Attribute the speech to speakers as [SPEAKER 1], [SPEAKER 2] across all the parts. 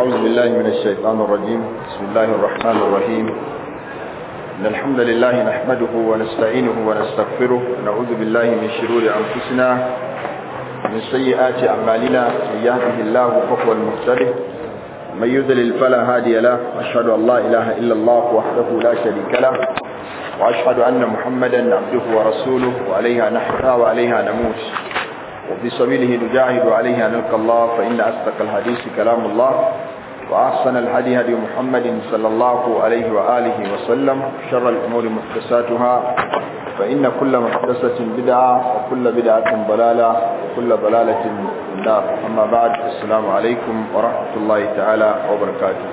[SPEAKER 1] أعوذ بالله من الشيطان الرجيم بسم الله الرحمن الرحيم إن الحمد لله نحمده ونستعينه ونستغفره ونعوذ بالله من شرور أنفسنا من سيئات أعمالنا من يهده الله فهو المهتد من يذلل فلا هادي له أشهد أن لا إله إلا الله وحده لا شريك له وأشهد أن محمدا عبده ورسوله وعليها نحيا وعليها نموت وفي سبيله نجاهد عليه أن نلقى الله فإن أصدق الحديث كلام الله وأحسن الهدي هدي محمد صلى الله عليه وآله وسلم شر الأمور محدثاتها فإن كل محدثة بدعة وكل بدعة ضلالة وكل ضلالة في النار أما بعد السلام عليكم ورحمة الله تعالى وبركاته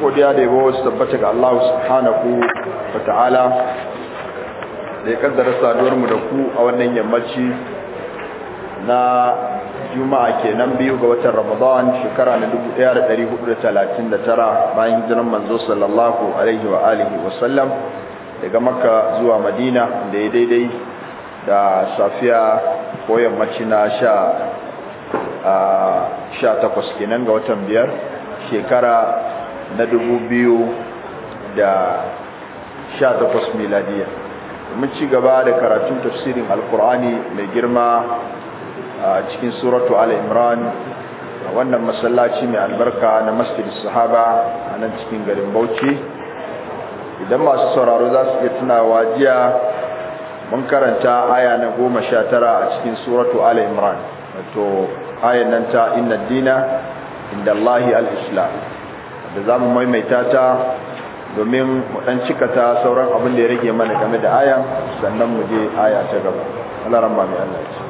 [SPEAKER 1] godiya da yabo su tabbata ga Allah subhanahu wa ta'ala da ya kaddara saduwar mu da ku a wannan yammaci na juma'a kenan biyu ga watan ramadan shekara na 1439 bayan jiran manzo sallallahu alaihi wa alihi wa sallam daga makka zuwa madina da daidai da safiya ko yammaci na sha sha takwas kenan ga watan biyar shekara na dubu biyu da sha takwas miladiya mun ci gaba da karatun tafsirin alkur'ani mai girma a cikin suratu al-imran a wannan masallaci mai albarka na masjid sahaba a nan cikin garin bauchi idan masu sauraro za su iya tunawa jiya mun karanta aya na goma sha tara a cikin suratu al-imran wato ayan nan ta inna dina inda Allahi al'islam. da za mu maimaita ta domin mu ɗan cika sauran abin da ya rage mana game da ayan sannan mu je aya ta gaba Allah mai Allah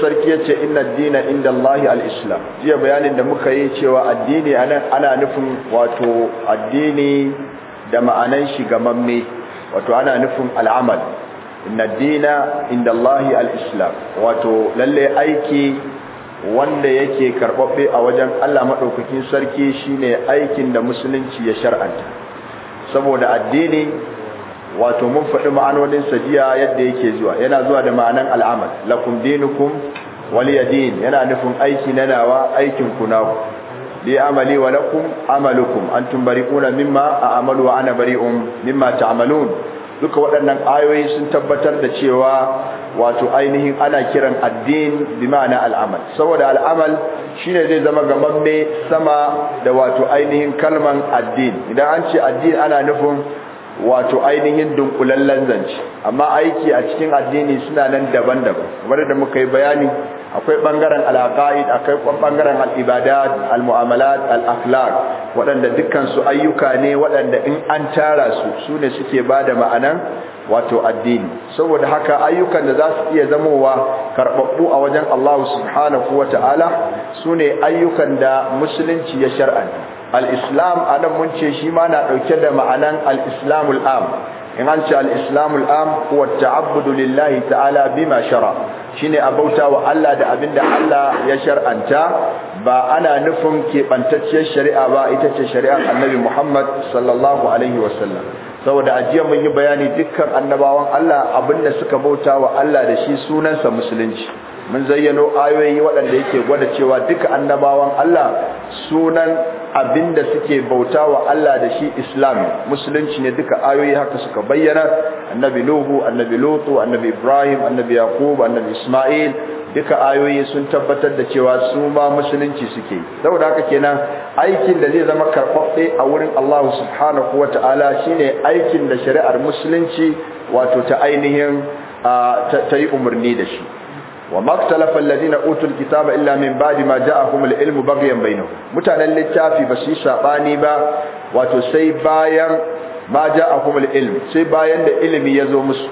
[SPEAKER 1] sarki yace inna dina inda Allahi al-islam jiya bayanin da muka yi cewa addini anan ana nufin wato addini da ma'anan shi gamamme wato ana nufin al'amal inna dina inda Allahi al-islam wato lalle aiki wanda yake karbabbe a wajen Allah madaukakin sarki shine aikin da musulunci ya shar'anta saboda addini wato mun faɗi ma'anonin jiya yadda yake zuwa yana zuwa da ma'anan al'amal lakum dinukum din. yana nufin aiki na nawa aikin ku naku li amali wa lakum amalukum antum bari'una mimma a'malu wa ana bari'un mimma ta'malun duka waɗannan ayoyi sun tabbatar da cewa wato ainihin ana kiran addin bi ma'ana al'amal saboda al'amal shine zai zama gamamme sama da wato ainihin kalman addin idan an ce addin ana nufin wato ainihin dunkulallen zance amma aiki a cikin addini suna nan daban-daban kamar da muka yi bayani akwai bangaren al'aqaid akwai bangaren al'ibadat al al'akhlaq waɗanda dukkan su ayyuka ne waɗanda in an tara su sune suke bada ma'anan wato addini saboda haka ayyukan da za su iya zamowa karɓaɓɓu a wajen Allah subhanahu wata'ala sune ayyukan da musulunci ya shar'anta al-islam nan mun ce shi ma na ɗauke da ma'anan al-islamul am in an ce al-islamul am huwa ta'abbudu lillahi ta'ala bima shara shine bauta wa Allah da abinda Allah ya shar'anta ba ana nufin keɓantacciyar shari'a ba ita ce shari'ar annabi Muhammad sallallahu alaihi wasallam saboda ajiya mun yi bayani dukkan annabawan Allah abinda suka bauta wa Allah da shi sunansa musulunci mun zayyano ayoyi waɗanda yake gwada cewa duka annabawan Allah sunan abinda suke bauta wa Allah da shi islami musulunci ne duka ayoyi haka suka bayyana annabi nuhu annabi lutu annabi ibrahim annabi yaqub annabi isma'il duka ayoyi sun tabbatar da cewa su ma musulunci suke saboda haka kenan aikin da zai zama karfafe a wurin Allah subhanahu wataala shine aikin da shari'ar musulunci wato ta ainihin ta yi umarni da shi wa maktalafa alladhina utul kitaba illa min ba'di ma ja'ahum al-ilmu baghyan bainahum mutanen littafi ba su saɓani ba wato sai bayan ma ja'ahum al-ilm sai bayan da ilimi ya zo musu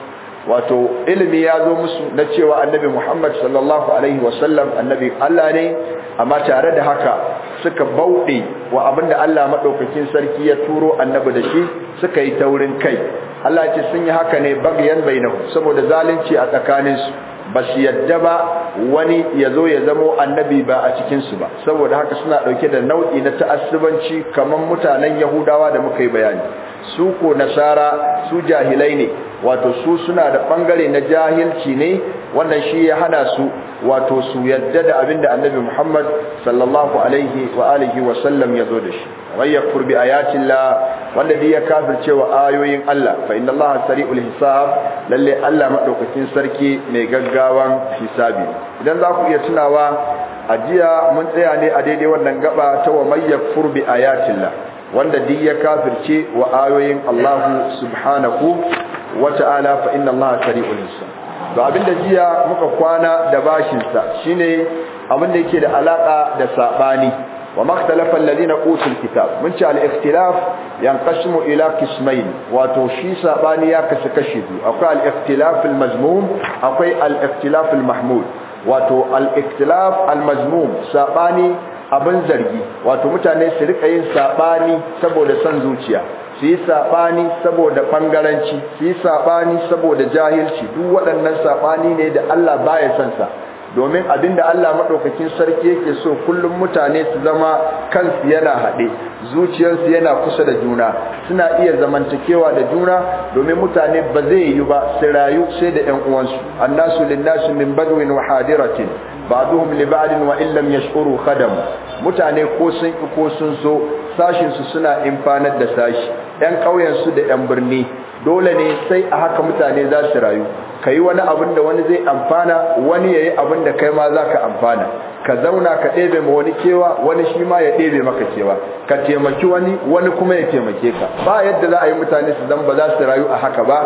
[SPEAKER 1] wato ilimi ya zo musu na cewa annabi Muhammad sallallahu alaihi wasallam annabi Allah ne amma tare da haka suka bauɗe wa abinda Allah madaukakin sarki ya turo annabi da shi suka yi taurin kai Allah ya ce sun yi haka ne bai bainahu saboda zalunci a tsakaninsu ba su yadda ba wani ya zo ya zamo annabi ba a cikinsu ba saboda haka suna ɗauke da nau'i na ta'assubanci kamar mutanen yahudawa da muka yi bayani su ko nasara su jahilai ne wato su suna da ɓangare na jahilci ne wannan shi ya hana su wato su yadda da abin da annabi muhammad sallallahu alaihi wa alihi wa sallam ya zo da shi ghayya furbi ayatillah wanda duk ya kafirce wa'ayoyin ayoyin Allah fa inna Allah sari'ul hisab lalle Allah madaukakin sarki mai gaggawan hisabi idan za ku iya tunawa ajiya mun tsaya ne a daidai wannan gaba ta wa may yakfur bi ayatillah wanda duk ya kafirce wa ayoyin Allah subhanahu wa ta'ala fa inna Allah sari'ul hisab to abinda jiya muka kwana da bashin sa shine abin da yake da alaka da sabani وما اختلف الذين اوتوا الكتاب من شاء الاختلاف ينقسم الى قسمين وتوشي سباني كسكشي او الاختلاف المذموم او الاختلاف المحمود wato al-iktilaf al-mazmum abin zargi wato mutane su rika yin sabani saboda san zuciya su yi sabani saboda bangaranci su yi sabani saboda jahilci duk waɗannan sabani ne da Allah baya son sa domin abinda Allah madaukakin sarki yake so kullum mutane su zama kansu yana haɗe zuciyarsu yana kusa da juna suna iya zamantakewa da juna domin mutane ba zai yi ba su rayu sai da ƴan uwansu annasu linnasu min badwin wa hadiratin ba'duhum li ba'din wa illam yash'uru khadam mutane ko sun ko sun so sashin su suna imfanar da sashi ɗan ƙauyen su da ɗan birni dole ne sai a haka mutane za su rayu ka yi wani abin da wani zai amfana wani ya yi abin da kai ma za ka amfana ka zauna ka ɗebe ma wani cewa wani shi ma ya ɗebe maka cewa. ka taimaki wani wani kuma ya taimake ka ba yadda za a yi mutane su zan ba za su rayu a haka ba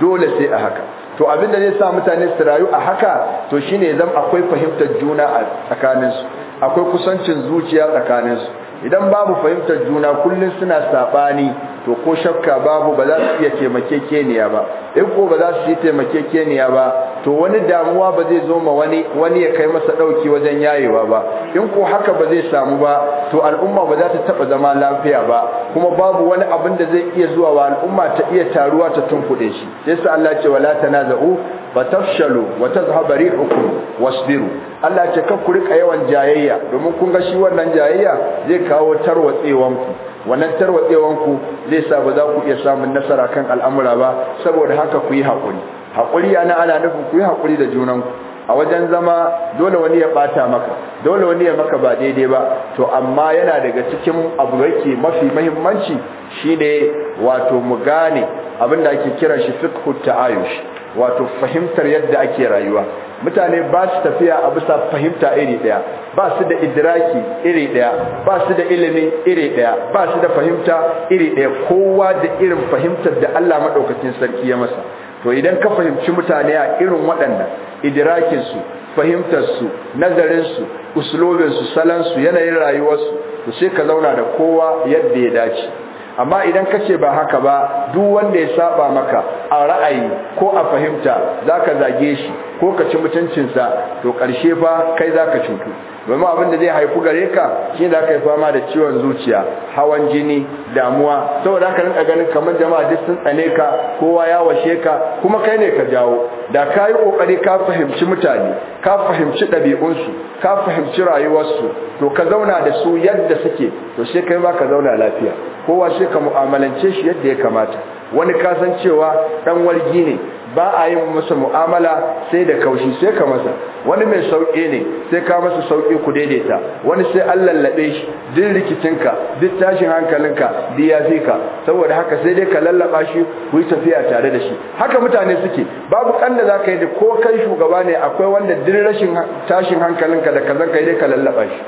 [SPEAKER 1] dole sai a haka to abin da zai sa mutane su rayu a haka to shine zan akwai fahimtar juna a tsakaninsu akwai kusancin zuciya tsakaninsu idan babu fahimtar juna kullum suna saɓani to ko shakka babu ba za su iya taimakekeniya ba in ko ba za su yi taimakekeniya ba to wani damuwa ba zai zo ma wani wani ya kai masa dauki wajen yayewa ba in ko haka ba zai samu ba to al'umma ba za ta taba zama lafiya ba kuma babu wani abin da zai iya zuwa wa al'umma ta iya taruwa ta tunkuɗe shi Sai su Allah ce wala tanaza'u tafshalu wa tazhaba rihukum wasbiru Allah ce kar ku rika yawan jayayya domin kun ga shi wannan jayayya zai kawo tarwatsewan ku wannan tarwatsewanku zai sa ba za ku iya samun nasara kan al'amura ba saboda haka ku yi haƙuri haƙuri yana ana nufin ku yi haƙuri da junanku a wajen zama dole wani ya bata maka dole wani ya maka ba daidai ba to amma yana daga cikin abu yake mafi muhimmanci shine wato mu gane abin da ake kiran shi fiqhu ta'ayush wato fahimtar yadda ake rayuwa mutane ba su tafiya a bisa fahimta iri daya ba su da idraki iri daya ba su da ilimi iri daya ba su da fahimta iri daya kowa da irin fahimtar da Allah madaukakin sarki ya masa to idan ka fahimci mutane a irin waɗannan idrakin su fahimtar su nazarin su su yanayin rayuwarsu, su to sai ka zauna da kowa yadda ya dace amma idan kace ba haka ba duk wanda ya saba maka a ra'ayi ko a fahimta zaka zage shi ko ka ci mutuncinsa to karshe fa kai zaka cutu domin abin da zai haifu gare ka shi da aka yi fama da ciwon zuciya hawan jini damuwa saboda haka rinka ganin kamar jama'a duk sun tsane ka kowa ya washe ka kuma kai ne ka jawo da ka yi kokari ka fahimci mutane ka fahimci ɗabi'unsu ka fahimci rayuwarsu to ka zauna da su yadda suke to sai kai ma ka zauna lafiya kowa sai ka mu'amalance shi yadda ya kamata wani kasan cewa dan wargi ne ba a yi masa mu'amala sai da kaushi sai ka masa wani mai sauƙi ne sai ka masa sauƙi ku daidaita wani sai an lallaɓe shi rikicin rikicinka duk tashin hankalinka duk ya fi ka saboda haka sai dai ka lallaɓa shi ku yi tafiya tare da shi haka mutane suke babu da za ka yi da ko kai shugaba ne akwai wanda din rashin tashin hankalinka da kazan ka yi dai ka lallaɓa shi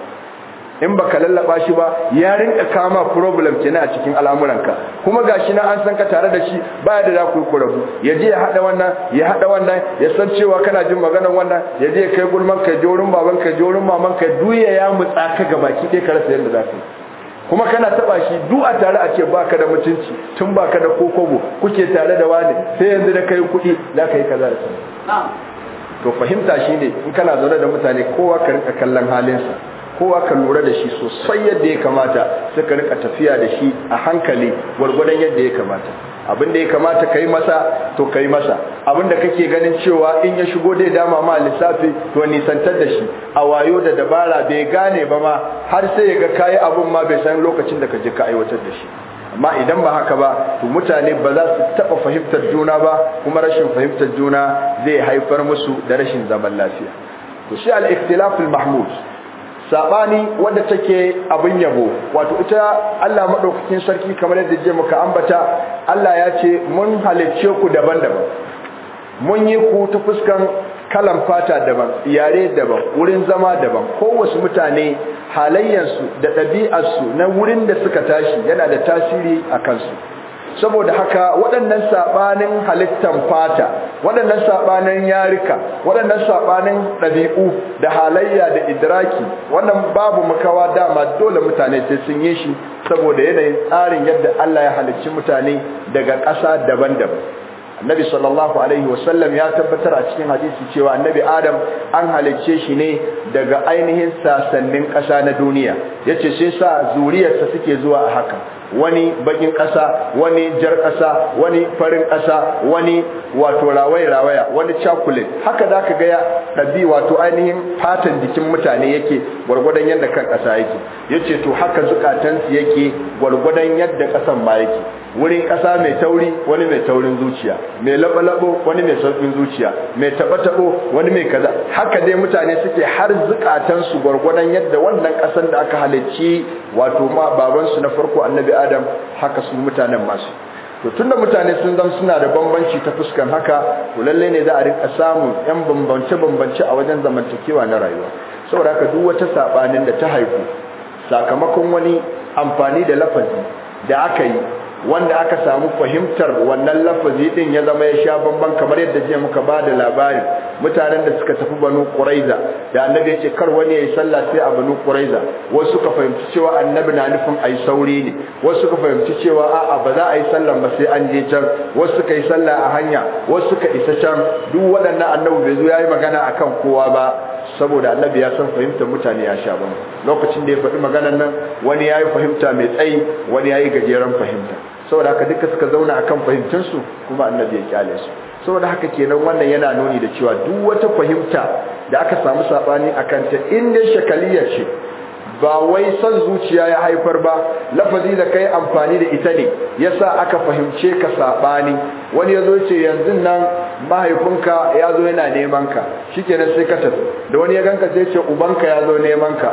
[SPEAKER 1] in ba ka lallaba shi ba ya rinka kama problem kenan a cikin al'amuranka kuma gashi na an san ka tare da shi baya da zaku ku ya je ya hada wannan ya hada wannan ya san cewa kana jin maganar wannan ya je kai gulman ka jorin baban ka jorin maman ka duya ya mutsa ka ga baki ɗaya ka rasa yadda za ka kuma kana taba shi du a tare a ce baka da mutunci tun baka da kokobo kuke tare da wani sai yanzu da kai kuɗi za ka yi kaza da to fahimta shine in kana zaune da mutane kowa ka rinka kallon halinsa kowa ka lura da shi sosai yadda ya kamata suka rika tafiya da shi a hankali gwargwadon yadda ya kamata abin da ya kamata ka yi masa to ka yi masa abin da kake ganin cewa in ya shigo dai dama ma lissafi to nisantar da shi a wayo da dabara bai gane ba ma har sai ya ga kayi abun ma bai san lokacin da ka je ka aiwatar da shi amma idan ba haka ba to mutane ba za su taɓa fahimtar juna ba kuma rashin fahimtar juna zai haifar musu da rashin zaman lafiya to shi al al mahmud sabani wanda take abin yabo wato ita Allah madaukakin sarki kamar yadda je muka ambata Allah ya ce mun halicce ku daban-daban mun yi ku ta fuskan kalan fata daban yare daban wurin zama daban kowace mutane halayyarsu da ɗabi'arsu na wurin da suka tashi yana da tasiri a kansu saboda haka waɗannan saɓanin halittan fata waɗannan saɓanin yarika waɗannan saɓanin ɗabi'u da halayya da idraki wannan babu makawa dama dole mutane ta sun yi shi saboda yanayin tsarin yadda Allah ya halicci mutane daga ƙasa daban-daban annabi sallallahu alaihi wasallam ya tabbatar a cikin hadisi cewa annabi adam an halicce shi ne daga ainihin sasannin ƙasa na duniya yace sai sa zuriyarsa suke zuwa a haka wani bakin ƙasa wani jar ƙasa wani farin ƙasa wani wato rawaya-rawaya wani cakulet haka za ka gaya ɗabi wato ainihin fatan jikin mutane yake gwargwadon yadda kan ƙasa yake ya ce to haka zukatansu yake gwargwadon yadda ƙasan ma yake wurin ƙasa mai tauri wani mai taurin zuciya mai laɓo-laɓo wani mai sauƙin zuciya mai taɓo-taɓo wani mai kaza haka dai mutane suke har zukatansu gwargwadon yadda wannan ƙasan da aka halicci wato ma babansu na farko annabi adam haka su mutanen masu to tunda mutane sun zama suna da bambanci ta fuskan haka to lalle ne za a rinka samun yan bambance bambance a wajen zamantakewa na rayuwa saboda haka duk wata sabanin da ta haihu sakamakon wani amfani da lafazi da aka yi wanda aka samu fahimtar wannan lafazi din ya zama ya sha bamban kamar yadda jiya muka ba da labarin mutanen da suka tafi banu quraiza da annabi ya ce kar wani ya yi sallah sai a banu quraiza wasu suka fahimci cewa annabi na nufin ai sauri ne wasu suka fahimci cewa a'a ba za a yi sallar ba sai an je can wasu suka yi sallah a hanya wasu suka isa can duk waɗannan annabi bai zo ya yi magana akan kowa ba saboda annabi ya san fahimtar mutane ya sha bamban lokacin da ya faɗi maganar nan wani ya yi fahimta mai tsayi wani ya yi gajeren fahimta saboda haka duka suka zauna akan fahimtansu kuma annabi ya kyale su saboda haka kenan wannan yana nuni da cewa duk wata fahimta da aka samu sabani akan ta inda shakaliya ce ba wai son zuciya ya haifar ba lafazi da kai amfani da ita ne yasa aka fahimce ka sabani wani yazo ce yanzu nan mahaifinka ya zo yana neman ka shikenan sai ka tafi da wani ya ganka sai ce ubanka ya zo neman ka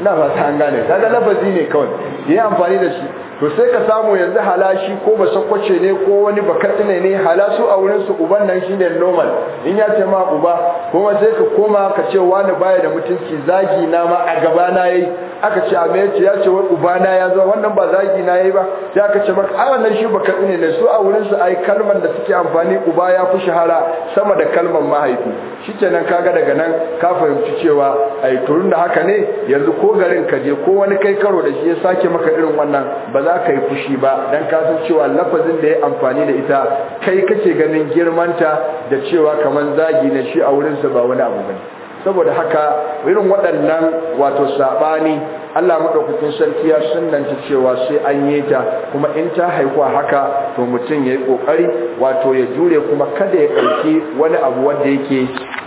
[SPEAKER 1] ina fata an gane kaga lafazi ne kawai yi amfani da shi to sai ka samu yanzu halashi ko ba sakwace ne ko wani bakatsine ne halasu a wurin su uban nan shine normal in ya ce ma uba kuma sai ka koma ka ce wani baya da mutunci zagi na ma a gaba na yayi aka ce amma yace ya ce wai uba na ya zo wannan ba zagi na yayi ba sai aka ce maka a wannan shi bakatsine ne su a wurin su ai kalman da suke amfani uba ya fi shahara sama da kalmar mahaifi shi kenan kaga daga nan ka fahimci cewa ai turun da haka ne yanzu ko garin ka je ko wani kai karo da shi ya sake maka irin wannan ba za ka yi fushi ba don ka cewa lafazin da ya amfani da ita kai kake ganin girmanta da cewa kamar zagi na shi a wurinsa ba wani abu bane saboda haka irin waɗannan wato saɓani, Allah madaukakin sarki ya sunnanta cewa sai an yi ta kuma in ta haihuwa haka to mutum yayi kokari wato ya jure kuma kada ya ɗauki wani abu wanda yake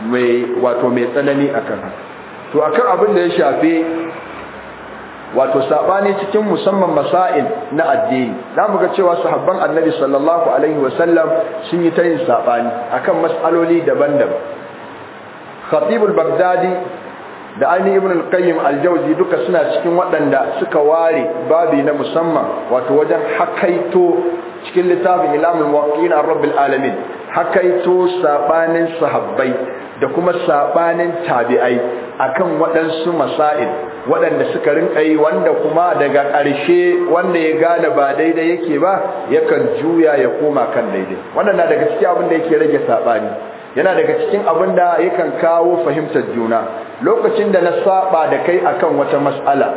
[SPEAKER 1] mai wato mai tsanani a haka to akan abin da ya shafe wato sabani cikin musamman masail na addini zamu ga cewa sahabban annabi sallallahu alaihi wasallam sun yi ta yin sabani akan mas'aloli daban-daban khatib al-baghdadi da ainihin ibn al-qayyim al-jawzi duka suna cikin waɗanda suka ware babi na musamman wato wajen hakaito cikin littafin ilamul muwaqqi'in rabbil alamin hakaito sabanin sahabbai da kuma sabanin tabi'ai akan waɗansu masail waɗanda suka rinka yi wanda kuma daga ƙarshe wanda ya gane ba daidai yake ba yakan juya ya koma kan daidai wannan na daga cikin abin da yake rage sabani yana daga cikin abin da yakan kawo fahimtar juna lokacin da na saba da kai akan wata mas'ala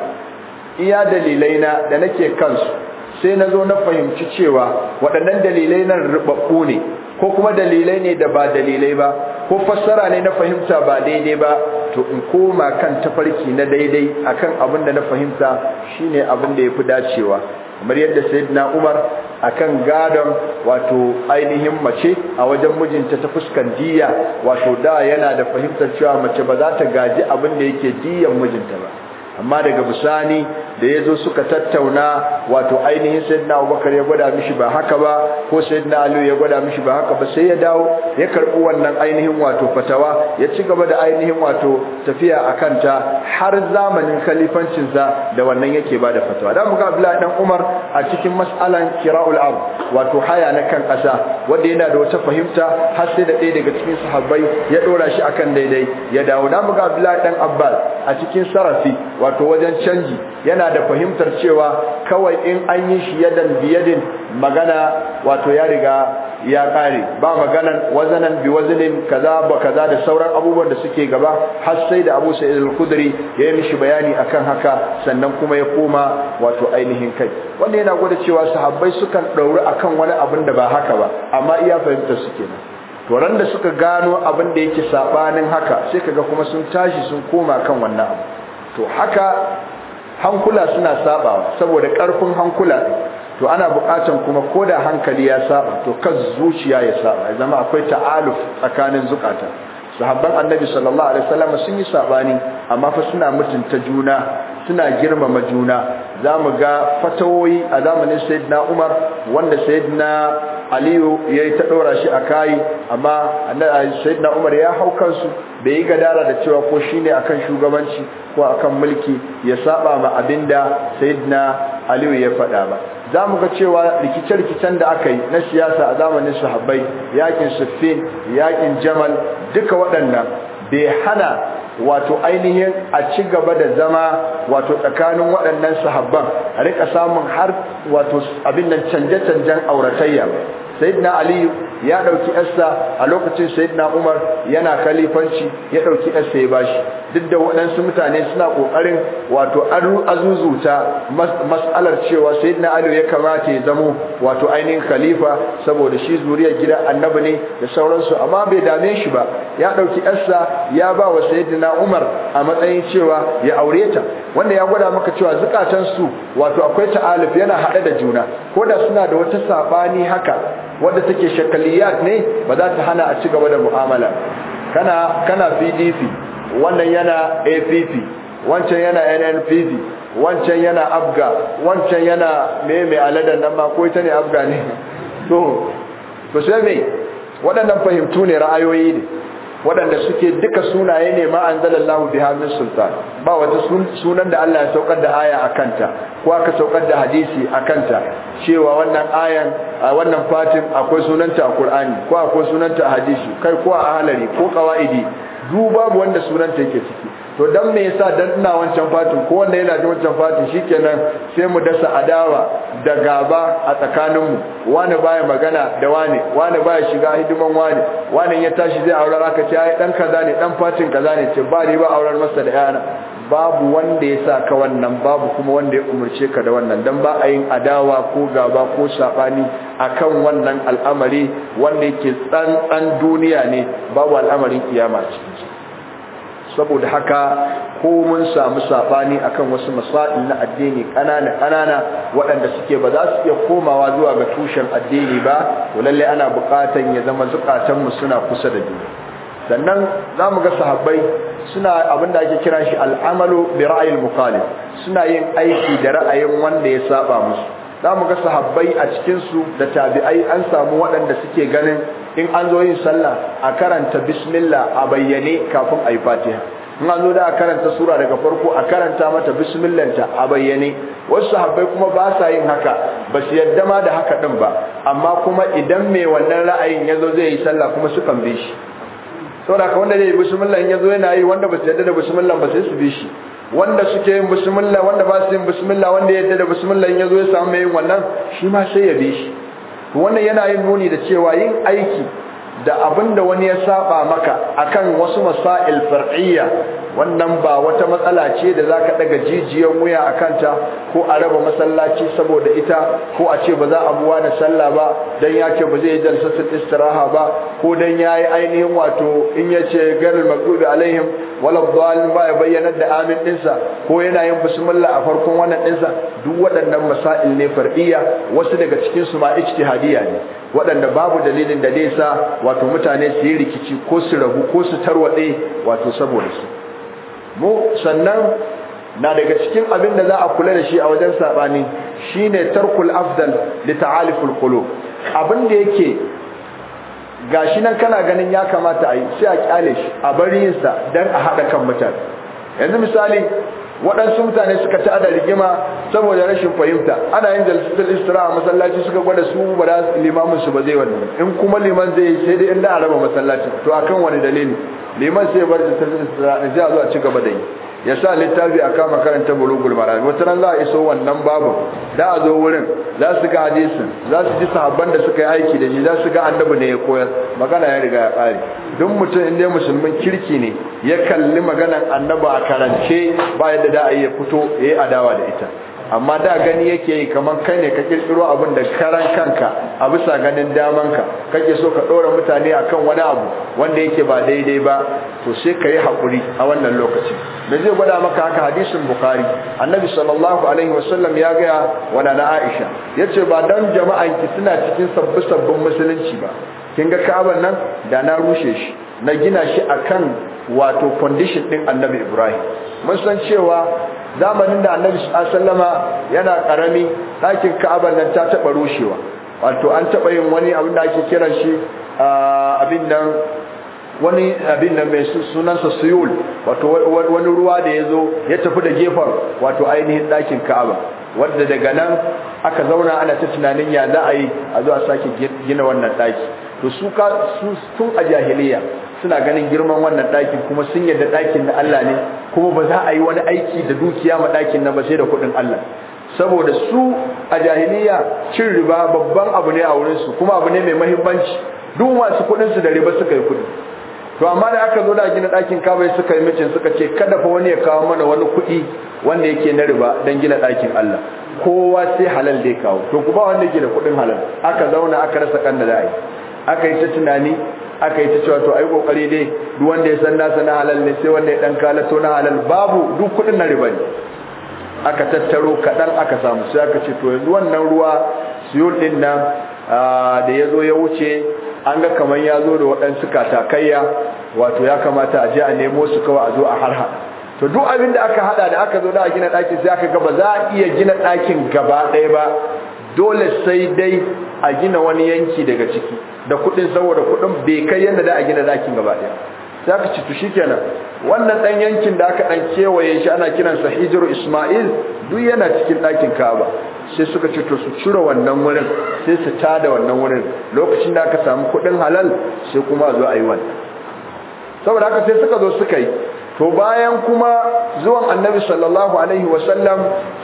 [SPEAKER 1] iya dalilai na da nake kansu sai na zo na fahimci cewa waɗannan dalilai nan rubabbu ne ko kuma dalilai ne da ba dalilai ba ko fassara ne na fahimta ba daidai ba to in koma kan tafarki na daidai akan abin da na fahimta shine abin da yafi dacewa kamar yadda sayyidina Umar akan gadon wato ainihin mace a wajen mijinta ta fuskan diya wato da yana da fahimtar cewa mace ba za ta gaji abin da yake diyan mijinta ba amma daga bisani da ya zo suka tattauna wato ainihin sayyidina abubakar ya gwada mishi ba haka ba ko sayyidina ali ya gwada mishi ba haka ba sai ya dawo ya karbi wannan ainihin wato fatawa ya ci gaba da ainihin wato tafiya a kanta har zamanin khalifancinsa da wannan yake ba da fatawa da muka abdullahi dan umar a cikin mas'alan kira'ul ard wato haya na kan ƙasa wanda yana da wata fahimta har sai da ɗaya daga cikin sahabbai ya ɗora shi akan daidai ya dawo da muka abdullahi dan abbas a cikin sarafi wato wajen canji yana yana da fahimtar cewa kawai in an yi shi yadan biyadin magana wato ya riga ya kare ba maganan wazanan bi wazanin kaza ba kaza da sauran abubuwan da suke gaba har sai da Abu Sa'id al-Khudri ya yi mishi bayani akan haka sannan kuma ya koma wato ainihin kai wanda yana gwada cewa sahabbai sukan dauri akan wani abin da ba haka ba amma iya fahimtar su kenan to ran da suka gano abin da yake sabanin haka sai kaga kuma sun tashi sun koma kan wannan abu to haka hankula suna sabawa saboda karfin hankula to ana bukatan kuma koda hankali ya saba to kan zuciya ya saba ya zama akwai ta'aluf tsakanin zukata sahabban annabi sallallahu alaihi wasallam sun yi sabani amma fa suna mutunta juna suna girmama juna zamu ga fatawoyi a zamanin sayyidina Umar wanda sayyidina aliyu ya yi ta ɗora shi a kayi amma sayyidina umar ya hau kansu bai yi gadara da cewa ko shi ne akan shugabanci ko akan mulki ya saba ma abinda da aliyu ya faɗa ba za mu ga cewa rikice-rikicen da aka yi na siyasa a zamanin sahabbai yakin Sufin yakin jamal duka waɗannan bai hana wato ainihin a ci gaba da zama wato tsakanin waɗannan sahabban a rika samun har wato abin nan canje-canjen auratayya sayyidina ali ya dauki yarsa a lokacin sayyidina umar yana kalifanci ya dauki yarsa ya bashi duk da waɗansu mutane suna kokarin wato azuzuta mas'alar cewa sayyidina ali ya kamata ya zamo wato ainihin khalifa saboda shi zuriyar gidan annabi ne da sauransu amma bai dame shi ba ya dauki yarsa ya ba wa sayyidina umar a matsayin cewa ya aure ta wanda ya gwada maka cewa zukatan su wato akwai ta'alif yana hade da juna ko da suna da wata sabani haka wanda take shakaliyat ne ba za ta hana a ci gaba da mu'amala kana kana PDP wannan yana APP wancan yana NNPD wancan yana Abga wancan yana me me aladan nan ma ko ita ne Abga ne to to sai me waɗannan fahimtu ne ra'ayoyi ne waɗanda suke duka sunaye ne ma an anzalallahu biha min sultan ba wata sunan da Allah ya saukar da aya a kanta, ko aka saukar da hadisi akanta cewa wannan ayan a wannan fatin akwai sunanta a Qur'ani ko akwai sunanta a hadisi kai ko a halari ko qawaidi du babu wanda sunanta yake ciki to dan me yasa dan ina wancan fatin ko wanda yana da wancan fatin shikenan sai mu dasa adawa da gaba a tsakaninmu wani baya magana da wani wani baya shiga hidiman wani wani ya tashi zai aurar aka ce ai dan kaza ne dan fatin kaza ne ce ba ni ba aurar masa da yana babu wanda ya sa ka wannan babu kuma wanda ya umarce ka da wannan dan ba a yin adawa ko gaba ko sabani akan wannan al'amari wanda yake tsantsan duniya ne babu al'amarin kiyama cikin saboda haka ko mun samu sabani akan wasu masail na addini kanana kanana waɗanda suke ba za su iya komawa zuwa ga tushen addini ba to lalle ana buƙatan ya zama zukatan mu suna kusa da juna sannan zamu ga sahabbai suna abin da ake kira shi al'amalu bi ra'ayil mukhalif suna yin aiki da ra'ayin wanda ya saba musu za mu ga sahabbai a cikin su da tabi'ai an samu waɗanda suke ganin in an zo yin sallah a karanta bismillah a bayyane kafin ayi fatiha in an zo da a karanta sura daga farko a karanta mata ta a bayyane wasu sahabbai kuma ba sa yin haka ba su yadda ma da haka din ba amma kuma idan mai wannan ra'ayin ya zo zai yi sallah kuma sukan bi shi saboda ka wanda zai yi bismillah in yazo yana yi wanda ba su yadda da bismillah ba sai su bi shi wanda suke yin bismillah wanda ba su yin bismillah wanda ya yadda da bismillah in yazo ya samu mai yin wannan shi ma sai ya bi shi wannan yana yin nuni da cewa yin aiki da abin da wani ya saba maka akan wasu masail far'iyya wannan ba wata matsala ce da zaka daga jijiyar wuya akanta ko a raba masallaci saboda ita ko a ce ba za a buwa da sallah ba dan ya ba zai yi jalsatul istiraha ba ko dan yayi ainihin wato in yace garil maqdubi alaihim wala dalil ba ya bayyana da amin dinsa ko yana yin bismillah a farkon wannan dinsa duk waɗannan masail ne far'iyya wasu daga cikin su ma ijtihadiyya ne waɗanda babu dalilin da zai sa wato mutane su yi rikici ko su rabu ko su tarwatse wato saboda su mu sannan na daga cikin abin da za a kula da shi a wajen sabani shine tarkul afdal li ta'aliful qulub abin da yake gashi nan kana ganin ya kamata a yi sai a kyale shi a bari yin sa dan a haɗa kan mutane yanzu misali waɗansu mutane suka ta da rigima saboda rashin fahimta ana yin jalsatul istira a masallaci suka gwada su ba da limamin su ba zai wani, in kuma liman zai sai dai inda a raba masallaci to akan wani dalili liman sai bar jalsatul istira a zo a ci gaba da yi ya sa littafi a kama karanta bulugul marar wata ran za a iso wannan babu da a zo wurin za su ga hadisin za su ji sahabban da suka yi aiki da shi za su ga annabi ne ya koyar magana ya riga ya kare duk mutum inda musulmin kirki ne ya kalli maganan annabi a karance ba yadda da a yi ya fito ya yi adawa da ita amma da gani yake yi kamar kai ne ka kirkiro abin da karan kanka a bisa ganin ka, kake so ka ɗora mutane akan wani abu wanda yake ba daidai ba to sai ka yi haƙuri a wannan lokacin me zai gwada maka haka hadisin bukhari annabi sallallahu alaihi wasallam ya gaya wa nana aisha yace ba dan jama'an ki suna cikin sabbi sabbin musulunci ba kin ga ka'aban nan da na rushe shi na gina shi akan wato condition din annabi ibrahim mun san cewa zamanin da annabi sallama yana karami ɗakin ka'aban nan ta taba rushewa wato an taɓa yin wani abin da ake kiran shi ah, abin nan wani abin nan mai sunansa suyul wato wani ruwa da ya zo ya tafi da gefen wato ainihin ɗakin ka'aba wadda daga nan aka zauna ana ta tunanin ya za a yi a zo a sake gina wannan ɗaki to su ka su tun a jahiliya suna ganin girman wannan ɗakin kuma sun yadda ɗakin na Allah ne kuma ba za a yi wani aiki da dukiya ma ɗakin nan ba sai da kuɗin Allah saboda su a jahiliya cin riba babban abu ne a wurinsu kuma abu ne mai mahimmanci duk masu kuɗinsu da riba suka yi kuɗi to amma da aka zo da gina ɗakin kaba suka yi micin suka ce kada fa wani ya kawo mana wani kuɗi wanda yake na riba don gina ɗakin Allah kowa sai halal ya kawo to ku ba wanda yake da kuɗin halal aka zauna aka rasa kan da za'a aka yi ta tunani aka yi ta cewa to ai kokari dai duk wanda ya san nasa na halal ne sai wanda ya dan to na halal babu duk kuɗin na riba ne aka tattaro kaɗan aka samu sai aka ce to yanzu wannan ruwa siyul ɗin nan ah, da ya zo ya wuce an ga kamar ya zo da waɗansu katakayya wato ya kamata a je a nemo su kawai a zo a harha to duk abin da aka hada da aka zo da a gina ɗakin sai aka gaba za a iya gina ɗakin gaba ɗaya ba dole sai dai a gina wani yanki daga ciki da kuɗin saboda kuɗin bai kai yadda da a gina ɗakin gaba ɗaya sai aka ci shi kenan wannan ɗan yankin da aka dan kewaye shi ana kiransa hijiru isma'il duk yana cikin ɗakin ka'aba sai suka ce su cire wannan wurin sai su tada wannan wurin lokacin da aka samu kuɗin halal sai kuma zo a yi wannan saboda haka sai suka zo suka yi to bayan kuma zuwan annabi sallallahu alaihi wasallam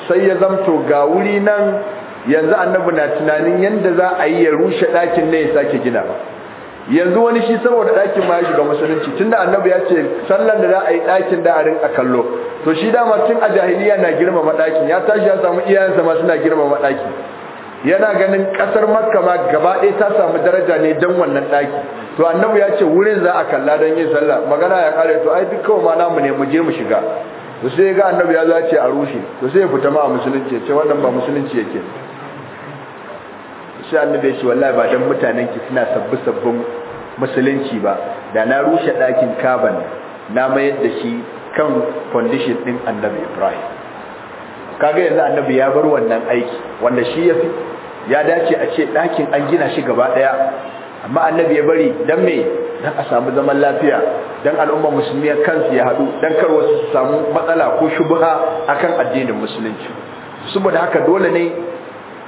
[SPEAKER 1] sai ya zamto ga wuri nan yanzu annabi na tunanin yadda za a yi ya rushe ɗakin ne ya sake gina ba yanzu wani shi saboda ɗakin ma ya shiga musulunci tunda annabi ya ce sallan da za a yi ɗakin da a kallo to shi dama tun a jahiliya na girmama ɗakin ya tashi ya samu iyayensa ma suna girmama maɗaki yana ganin ƙasar makka ma gaba ɗaya ta samu daraja ne don wannan ɗaki to annabi ya ce wurin za a kalla don yin sallah magana ya kare to ai duk kawai ma namu ne mu je mu shiga to sai ga annabi ya zace a rushe to sai ya fita ma a musulunci ya ce wannan ba musulunci yake sai annabi ya ce wallahi ba dan mutanen ki suna sabbi sabbin musulunci ba da na rushe ɗakin kaban na mayar da shi kan condition din annabi Ibrahim kaga yanzu annabi ya bar wannan aiki wanda shi ya ya dace a ce dakin an gina shi gaba ɗaya amma annabi ya bari dan me dan a samu zaman lafiya dan al'ummar musulmi kansu ya haɗu dan kar wasu su samu matsala ko shubha akan addinin musulunci saboda haka dole ne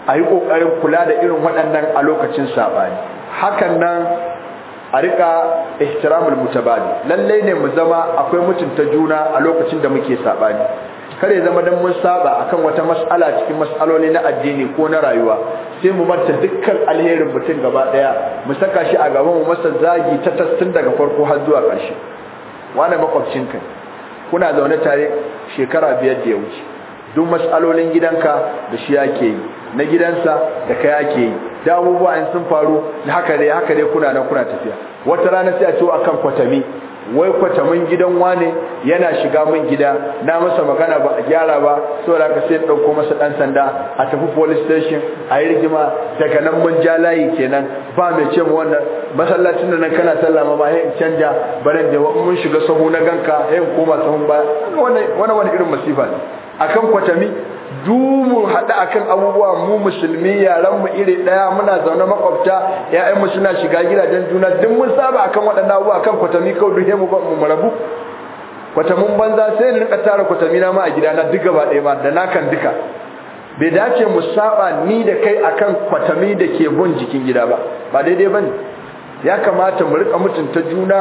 [SPEAKER 1] a yi ƙoƙarin kula da irin waɗannan a lokacin saɓani hakan nan a riƙa ihtiramul mutabadi lallai ne mu zama akwai mutunta juna a lokacin da muke saɓani kare zama dan mun saba akan wata mas'ala cikin mas'aloli na addini ko na rayuwa sai mu manta dukkan alherin mutum gaba daya mu saka shi a gaban mu masa zagi ta tassun daga farko har zuwa ƙarshe wani makwabcin kai kuna zaune tare shekara biyar da ya wuce duk mas'alolin gidanka da shi yake yi na gidansa da kai ake yi da abubuwa in sun faru haka dai haka dai kuna nan kuna tafiya wata rana sai a ce akan kwatami wai kwatamin gidan wane yana shiga min gida na masa magana ba a gyara ba saboda ka sai dauko masa dan sanda a tafi police station a yi rigima daga nan mun ja layi kenan ba mai ce mu wannan masallacin da nan kana sallama ba in canja baran da mun shiga sahu na ganka in koma sahun ba wannan wannan irin masifa akan kwatami dumu haɗu akan abubuwa mu musulmi yaran mu iri ɗaya muna zaune makwabta ya'yan mu suna shiga gidajen juna duk mun saba akan waɗannan abubuwa kan kwatami kawai duk mu mu rabu kwatamin banza sai ni rika tara kwatami na ma a gidana duk ba ɗaya ba da na duka bai dace mu saba ni da kai akan kwatami da ke bun jikin gida ba ba daidai bane ya kamata mu rika mutunta juna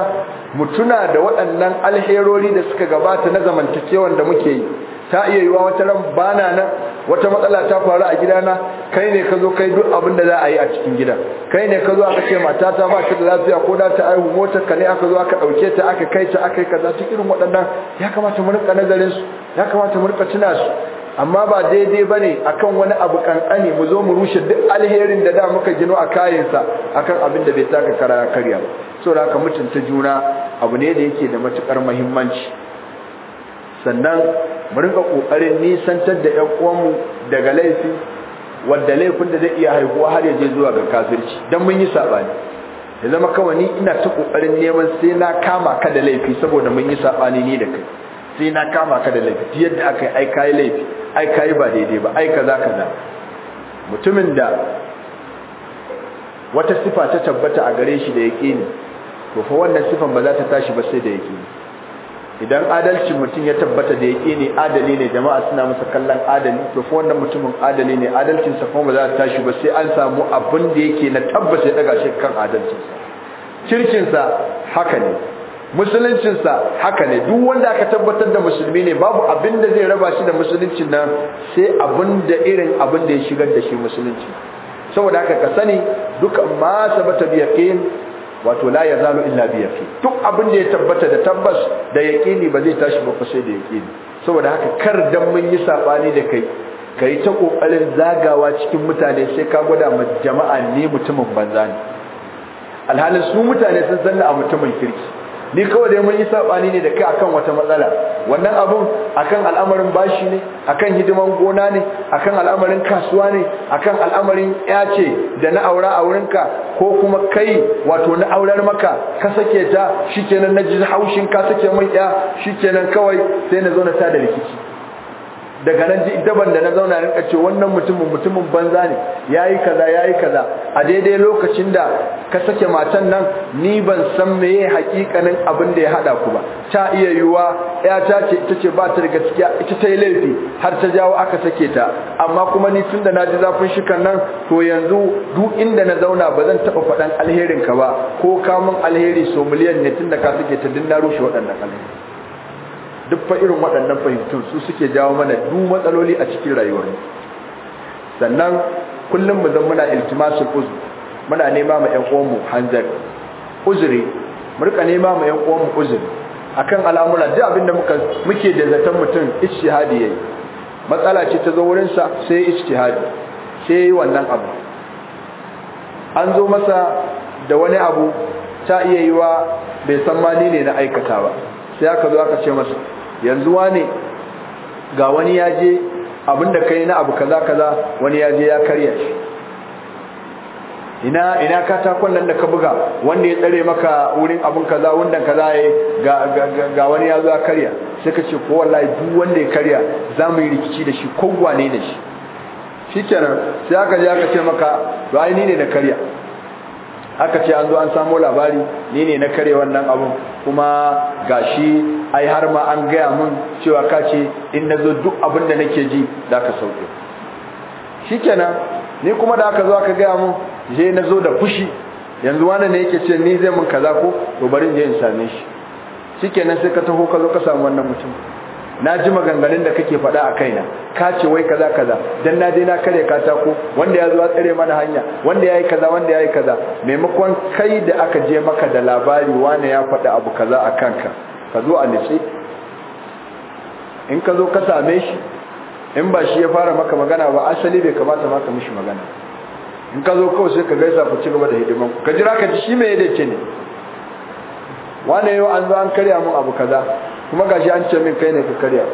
[SPEAKER 1] mu tuna da waɗannan alherori da suka gabata na zamantakewan da muke yi ta iya yiwa wata ran bana nan wata matsala ta faru a gidana kai ne ka zo kai duk abin da za a yi a cikin gida? kai ne ka zo aka ce mata ta ba ta da lafiya ko da ta aihu motar ka ne aka zo aka dauke ta aka kai ta aka yi kaza ta irin waɗannan ya kamata mu rika nazarin su ya kamata mu rika tuna su amma ba daidai bane akan wani abu kankani mu zo mu rushe duk alherin da da muka gino a kayansa akan abin da bai taka kara karya ba da haka mutunta juna abu ne da yake da matukar muhimmanci sannan mu rinka kokarin nisantar da ƴan uwanmu daga laifi wanda laifin da zai iya haihuwa har ya je zuwa ga kafirci dan mun yi sabani ya zama kawai ni ina ta kokarin neman sai na kama ka da laifi saboda mun yi sabani ni da kai sai na kama ka da laifi yadda aka yi ai kai laifi ai kai ba daidai ba ai kaza kaza mutumin da wata sifa ta tabbata a gare shi da yake ne to fa wannan sifan ba za ta tashi ba sai da yake ne idan adalcin mutum ya tabbata da yake ne adali ne jama'a suna masa kallon adali to fa wannan mutumin adali ne adalcin sa kuma ba za ta tashi ba sai an samu abin da yake na tabbata daga shi kan adalci. kirkin sa haka ne musuluncin sa haka ne duk wanda aka tabbatar da musulmi ne babu abin da zai raba shi da musuluncin nan sai abin da irin abin da ya shigar da shi musulunci saboda haka ka sani duka ma sabata bi yaqin wato la ya zalo illa bi yaqin duk abin da ya tabbata da tabbas da yaqini ba zai tashi ba sai da yaqini saboda haka kar dan mun yi sabani da kai kai ta kokarin zagawa cikin mutane sai ka gwada ma jama'a ne mutumin banza ne alhalin su mutane sun sanna a mutumin kirki ni kawai dai mun yi sabani ne da kai akan wata matsala wannan abun akan al'amarin bashi ne akan hidiman gona ne akan al'amarin kasuwa ne akan al'amarin ce da na aura a wurinka ko kuma kai wato na aurar maka ka sake ta shikenan na ji haushin ka sake mun ya shikenan kawai sai na zo na tada rikici daga nan ji daban da na zauna rinka ce wannan mutumin mutumin banza ne yayi kaza yayi kaza a daidai lokacin da ka sake matan nan ni ban san meye hakikanin abin da ya hada ku ba ta iya yuwa ya ta ce ita ce ba ta da gaskiya ita ta yi laifi har ta jawo aka sake ta amma kuma ni tun da ji zafin shikan nan to yanzu duk inda na zauna ba zan taba faɗan alherin ka ba ko kamun alheri so miliyan ne tun da ka sake ta din na rushe waɗannan alheri duk fa irin waɗannan fahimtun su suke jawo mana duk matsaloli a cikin rayuwar mu sannan kullum mu zan muna iltimasul uzu muna nema ma ƴan uwan mu hanzar uzuri mu rika nema ma ƴan uwan mu uzuri akan al'amura duk abin da muka muke da zaton mutum ijtihadi yayi matsala ce ta zo wurin sa sai ijtihadi sai wannan abu an zo masa da wani abu ta iya yiwa bai san ma ne na aikata ba sai aka zo aka ce masa yanzu wane ga wani ya je abinda kai na abu kaza kaza wani ya je ya karya shi ina ina katakon nan da ka buga wanda ya tsare maka wurin abun kaza wanda kaza yayi ga, ga, ga, wani ya ya karya sai ka ce ko wallahi duk wanda ya karya za mu yi rikici da shi kowane da shi shikenan sai aka je aka ce maka to ai ni ne na karya aka ce an zo an samo labari ni ne na karya wannan abun kuma gashi ai har ma an gaya mun cewa ka ce in na zo duk abin da nake ji za ka sauke shikenan ni kuma da aka zo aka gaya mun je na zo da fushi yanzu wanda ne yake ce ni zai mun kaza ko to bari in je in same shi shikenan sai ka taho ka zo ka samu wannan mutum na ji maganganun da kake faɗa a kaina ka ce wai kaza kaza dan na je na kare katako wanda ya zo a tsare mana hanya wanda yayi kaza wanda yayi kaza maimakon kai da aka je maka da labari wane ya faɗa abu kaza a kanka ka zo a nace in ka zo ka same shi in ba shi ya fara maka magana ba asali bai kamata maka mishi magana in ka zo kawai sai ka gaisa ku ci gaba da hidiman ku ka jira ka ji shi me yake ne wane yau an zo an karya mun abu kaza kuma gashi an ce min kai ne ka karya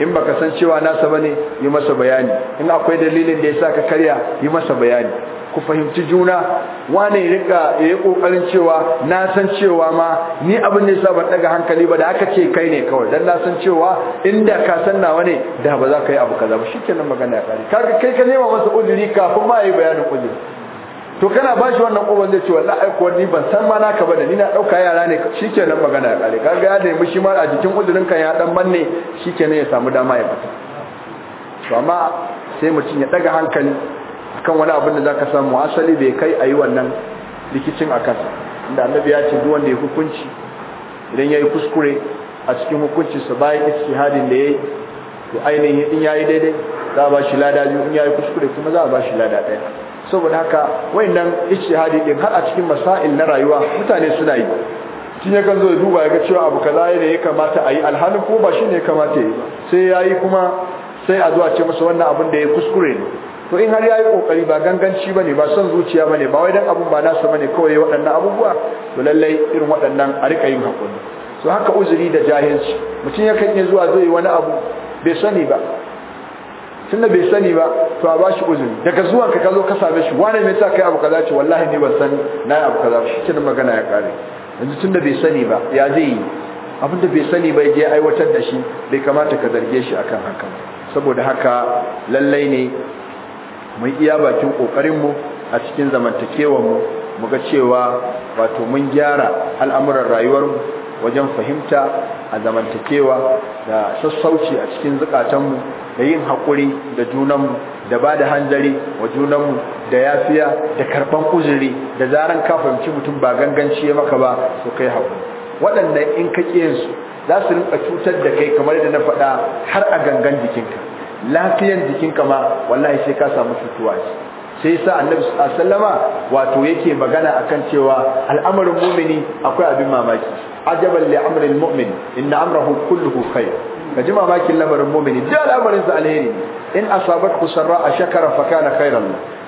[SPEAKER 1] in baka san cewa nasa bane yi masa bayani in akwai dalilin da yasa ka karya yi masa bayani ku fahimci juna wane ya rika yayi kokarin cewa na san cewa ma ni abin da yasa ban daga hankali ba da aka ce kai ne kawai dan na san cewa inda ka san nawa ne da ba za ka yi abu kaza ba shikenan magana ya kare kai ka nema masa uzuri kafin ma yi bayanin uzuri to kana ba shi wannan ƙofar zai ce wallahi ai kuwa ni ban san ma ba da ni na ɗauka yara ne shikenan magana ya kare kaga ya nemi shi ma a jikin uzurin kan ya dan manne shikenan ya samu dama ya fita to amma sai mutum ya daga hankali kan wani abin da zaka samu asali bai kai ayi wannan rikicin a kansa inda annabi ya ce duk wanda ya hukunci idan yayi kuskure a cikin hukuncinsa bayan istihadin da yayi to ainihin in yayi daidai za a ba shi lada biyu in yayi kuskure kuma za a ba shi lada ɗaya saboda haka wayannan ijtihadi din har a cikin masail na rayuwa mutane suna yi tun ya kan zo ya duba ya ga cewa abu kaza ne ya kamata a yi alhalin ko ba ne ya kamata ya yi sai yayi kuma sai a zuwa ce masa wannan abin da ya kuskure ne to in har yayi kokari ba ganganci bane ba son zuciya bane ba wai dan abun ba nasa bane kawai waɗannan abubuwa to lallai irin waɗannan a rika yin hakuri so haka uzuri da jahilci mutum yakan iya zuwa zai wani abu bai sani ba tunda bai sani ba to a bashi uzuri daga zuwan ka kazo ka same shi wane me yasa kai abu kaza ce wallahi ni ban sani na abu kaza shi kenan magana ya kare yanzu tunda bai sani ba ya zai yi abin da bai sani ba ya je aiwatar da shi bai kamata ka zarge shi akan haka saboda haka lallai ne mun iya bakin kokarin mu a cikin zamantakewar mu muga cewa wato mun gyara al'amuran rayuwar mu wajen fahimta a zamantakewa da sassauci a cikin zukatanmu da yin haƙuri da junanmu da ba da hanzari wa junanmu da yafiya da karɓan uzuri da zaran ka mutum ba ganganci ya maka ba su kai haƙuri waɗannan in ka su za su rinka cutar da kai kamar da na faɗa har a gangan jikinka lafiyan jikinka ma wallahi sai ka samu cutuwa ce sai sa annabi sallama wato yake magana a kan cewa al'amarin mumini akwai abin mamaki ajaban li amril mu'min inna amrahu kulluhu khair ka ji mamakin lamarin mu'mini da al'amarin sa alheri in asabat sarra a shakara fa kana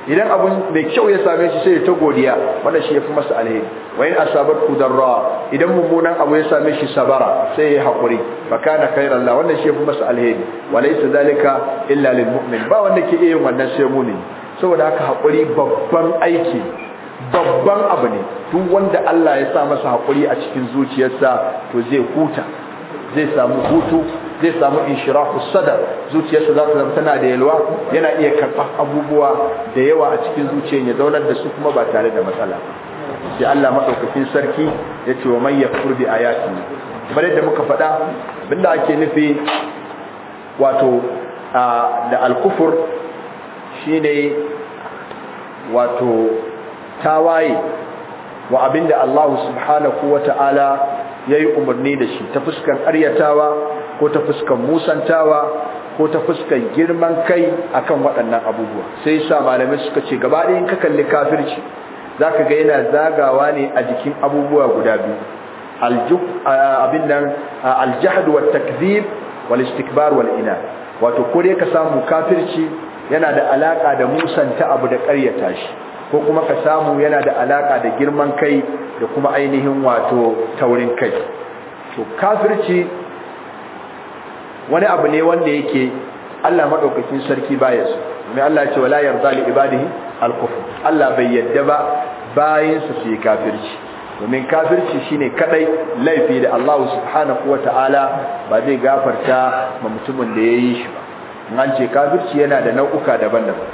[SPEAKER 1] idan abun mai kyau ya same shi sai ya ta godiya wanda shi fi masa alheri wa in asabat darra idan mummunan abu ya same shi sabara sai ya hakuri fa kana khairan la wannan shi fi masa alheri wa laysa zalika illa lil mu'min ba wanda ke iya wannan sai mu'min saboda haka hakuri babban aiki babban abu ne duk wanda Allah ya sa masa hakuri a cikin zuciyarsa to zai huta zai samu hutu zai samu inshirahu sadar zuciyarsa za ta zama tana da yalwa yana iya karɓa abubuwa da yawa a cikin zuciyar ya zaunar da su kuma ba tare da matsala sai Allah madaukakin sarki ya ce wa man yakfur a ayati kamar yadda muka faɗa abinda ake nufi wato da alkufur shine wato ta waye wa abinda Allah subhanahu wata'ala yayi umurni da shi ta fuskar aryatawa ko ta fuskan musantawa ko ta fuskan girman kai akan waɗannan abubuwa sai sa malamai suka ce gaba ɗayan ka kalli kafirci zaka ga yana zagawa ne a jikin abubuwa guda biyu abin nan aljahd wa takzib wal istikbar wal ina wato ko dai ka samu kafirci yana da alaka da musanta abu da ƙaryata shi ko kuma ka samu yana da alaka da girman kai da kuma ainihin wato taurin kai to kafirci wani abu ne wanda yake Allah madaukakin sarki baya su mai Allah ya ce wala yarda li ibadihi al-kufr Allah bai yarda ba bayin su su kafirci domin kafirci shine kadai laifi da Allah subhanahu ta'ala ba zai gafarta ma mutumin da yayi shi ba an ce kafirci yana da nau'uka daban-daban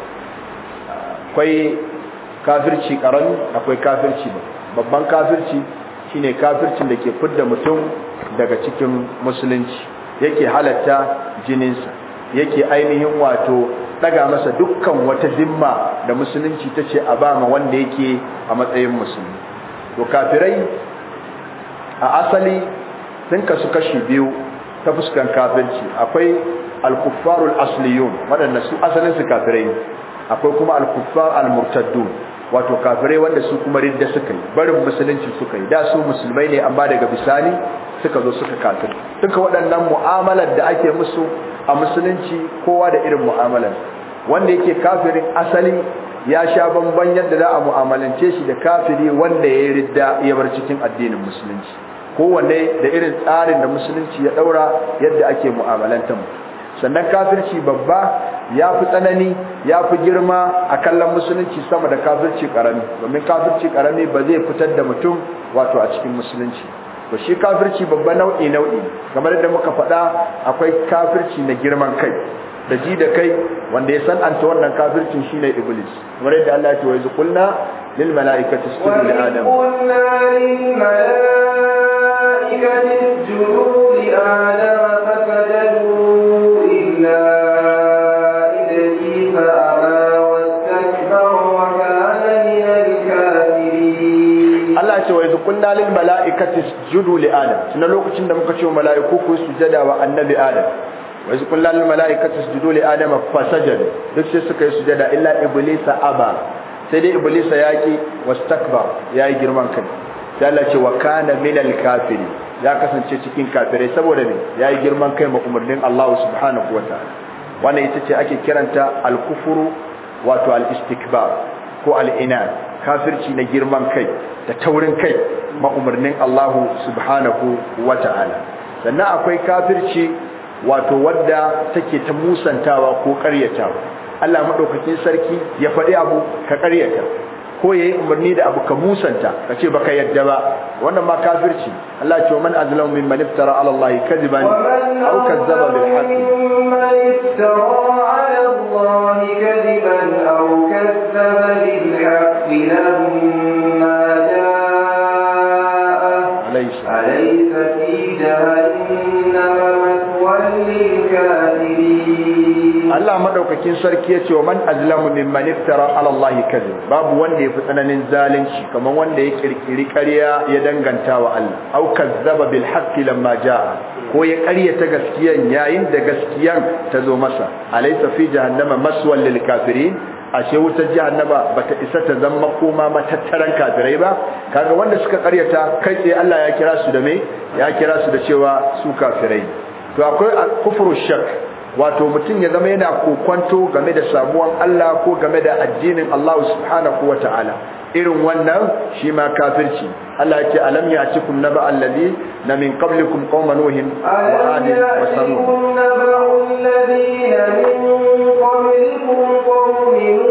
[SPEAKER 1] akwai kafirci karami akwai kafirci ba. babban kafirci shine kafircin da ke fidda mutum daga cikin musulunci yake halatta jininsa yake ainihin wato daga masa dukkan wata zimma da musulunci tace a ba ma wanda yake a matsayin musulmi to kafirai a asali sun kasu kashi biyu ta fuskan kafirci akwai al-kuffarul asliyun waɗanda su asalin su kafirai akwai kuma al-kuffar al-murtaddun wato kafirai wanda su kuma ridda suka yi barin musulunci suka yi da su musulmai ne amma daga bisani suka zo suka kafir duka waɗannan mu'amalar da ake musu a musulunci kowa da irin mu'amalar wanda yake kafirin asali ya sha bamban yadda za a mu'amalance shi da kafiri wanda ya yi ridda ya bar cikin addinin musulunci kowanne da irin tsarin da musulunci ya ɗaura yadda ake mu'amalantar mu sannan kafirci babba ya fi tsanani ya fi girma a kallon musulunci sama da kafirci karami domin kafirci karami ba zai fitar da mutum wato a cikin musulunci to shi kafirci babba nau'i nau'i kamar da muka faɗa akwai kafirci na girman kai da ji da kai wanda ya san an ta wannan kafircin shine iblis kamar yadda Allah ya ce wa iz qulna lil malaikati isjudu li adam wa
[SPEAKER 2] qulna lil malaikati isjudu li adam
[SPEAKER 1] qulna lil mala'ikati isjudu li adam lokacin da muka ce wa mala'iku ku sujada wa annabi adam wa iz qulna lil mala'ikati isjudu li adam sajada duk sai suka yi sujada illa iblisa aba sai dai iblisa yaki wastakbar yi girman kai sai Allah ce wa kana minal kafiri ya kasance cikin kafirai saboda me yi girman kai ma umarnin Allah subhanahu wataala wannan ita ce ake kiranta al-kufru wato al-istikbar ko al-inan kafirci na girman kai da taurin kai ma'umarnin Allah subhanahu wa ta'ala sannan akwai kafirci wato wadda take ta musantawa ko karyata. Allah madaukakin sarki ya faɗi abu ka karyata. ko yayi umarni da abu ka musanta ka ce baka yadda ba wannan ma kafirci Allah ya ce man azlamu mimman iftara ala Allah kadiban aw kazzaba bil haqq Allah maɗaukakin sarki ya ce wa man azlamu mimman iftara ala Allah babu wanda yafi tsananin zalunci kamar wanda ya kirkiri ƙarya ya danganta wa Allah au kazzaba bil haqqi lamma jaa ko ya ƙaryata gaskiyan yayin da gaskiyan ta zo masa alaysa fi jahannama maswal lil kafirin ashe wutar jahannama bata isa ta zama koma matattaran kafirai ba kaga wanda suka karyata kai sai Allah ya kira su da me ya kira su da cewa su kafirai to akwai kufru shak wato mutum ya zama yana kokwanto game da sabuwar Allah ko game da addinin Allah subhanahu wataala irin wannan shi ma kafirci Allah ya ce alam ya cikum naba allazi na min qablikum qauman nuhin wa adin wa samud min qablikum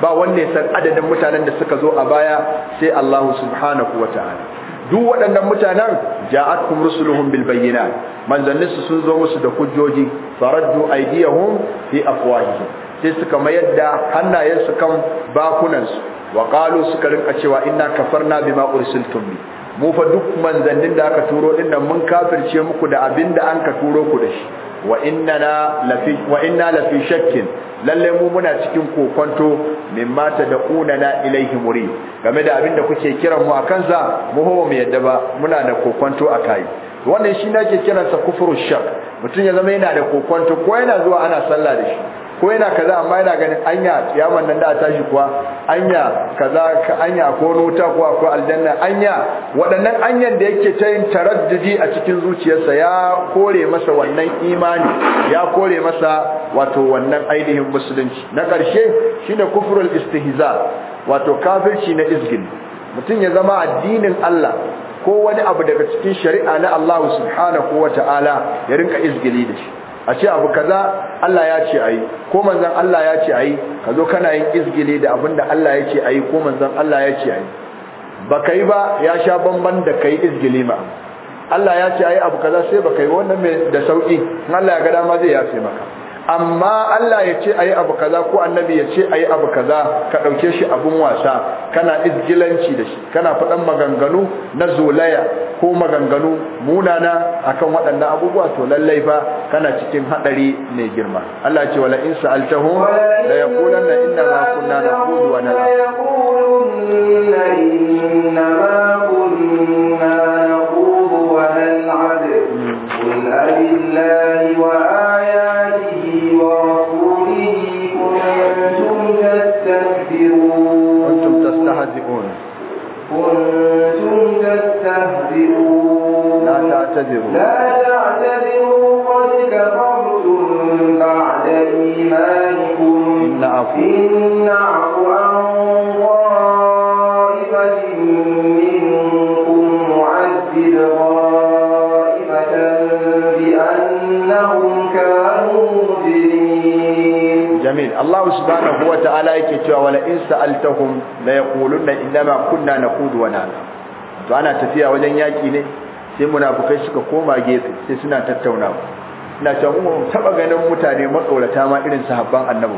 [SPEAKER 1] ba wanne san adadin mutanen da suka zo a baya sai Allah subhanahu ta'ala. duk waɗannan mutanen ja'atkum rusuluhum bil bayyinat manzanninsu sun zo musu da hujjoji faraddu aydiyahum fi afwahihim sai suka mayar da hannayensu kan bakunansu wa qalu suka rinka cewa inna kafarna bima ursiltum bi mu fa duk manzannin da aka turo din nan mun kafirce muku da abinda an ka turo ku da shi wa inna la fi wa inna la fi shakkin lalle mu muna cikin kokonto da tad'una na ilai muri game da abin da kuke kiran mu akan za mu ho mu yadda ba muna da kokonto akai wannan shi nake kiransa kufuru shak mutum ya zama yana da kokonto ko yana zuwa ana sallah da shi ko yana kaza amma yana ganin anya kiyaman nan da a tashi kuwa anya kaza ka anya ko nuta ko aljanna anya waɗannan anyan da yake ta yin taraddudi a cikin zuciyarsa ya kore masa wannan imani ya kore masa wato wannan ainihin musulunci na ƙarshe shine kufrul istihza wato kafirci na izgin mutum ya zama addinin Allah ko wani abu daga cikin shari'a na Allah subhanahu wataala ya rinka izgili da shi a ce abu kaza Allah ya ce ayi ko manzon Allah ya ce ayi ka zo kana yin izgili da abin da Allah ya ce ayi ko manzon Allah ya ce ayi Baka yi ba ya sha bamban da kai izgili ma Allah ya ce ayi abu kaza sai baka yi wannan mai da sauki Allah ya ga dama zai yafe maka amma Allah ya ce ayi abu kaza ko annabi ya ce ayi abu kaza ka ɗauke shi abun wasa kana izgilanci da shi kana faɗan maganganu na zolaya ko maganganu munana akan waɗannan abubuwa to lallai fa kana cikin haɗari mai girma Allah ce wala in sa'altahum la yaqulanna
[SPEAKER 2] inna ma kunna naqulu wa nal'ab تعتذروا لا تعتذروا قد كفرتم بعد إيمانكم إن نعفو إن نعفو عن طائفة منكم نعذب طائفة
[SPEAKER 1] بأنهم كانوا جميل الله سبحانه وتعالى يكتب ولئن سألتهم ليقولن إنما كنا نقود ونعلم فأنا تفيع ولن يأتي yaki sai munafukai suka koma gefe sai suna tattaunawa ina cewa mu taba ganin mutane matsorata ma irin sahabban annabi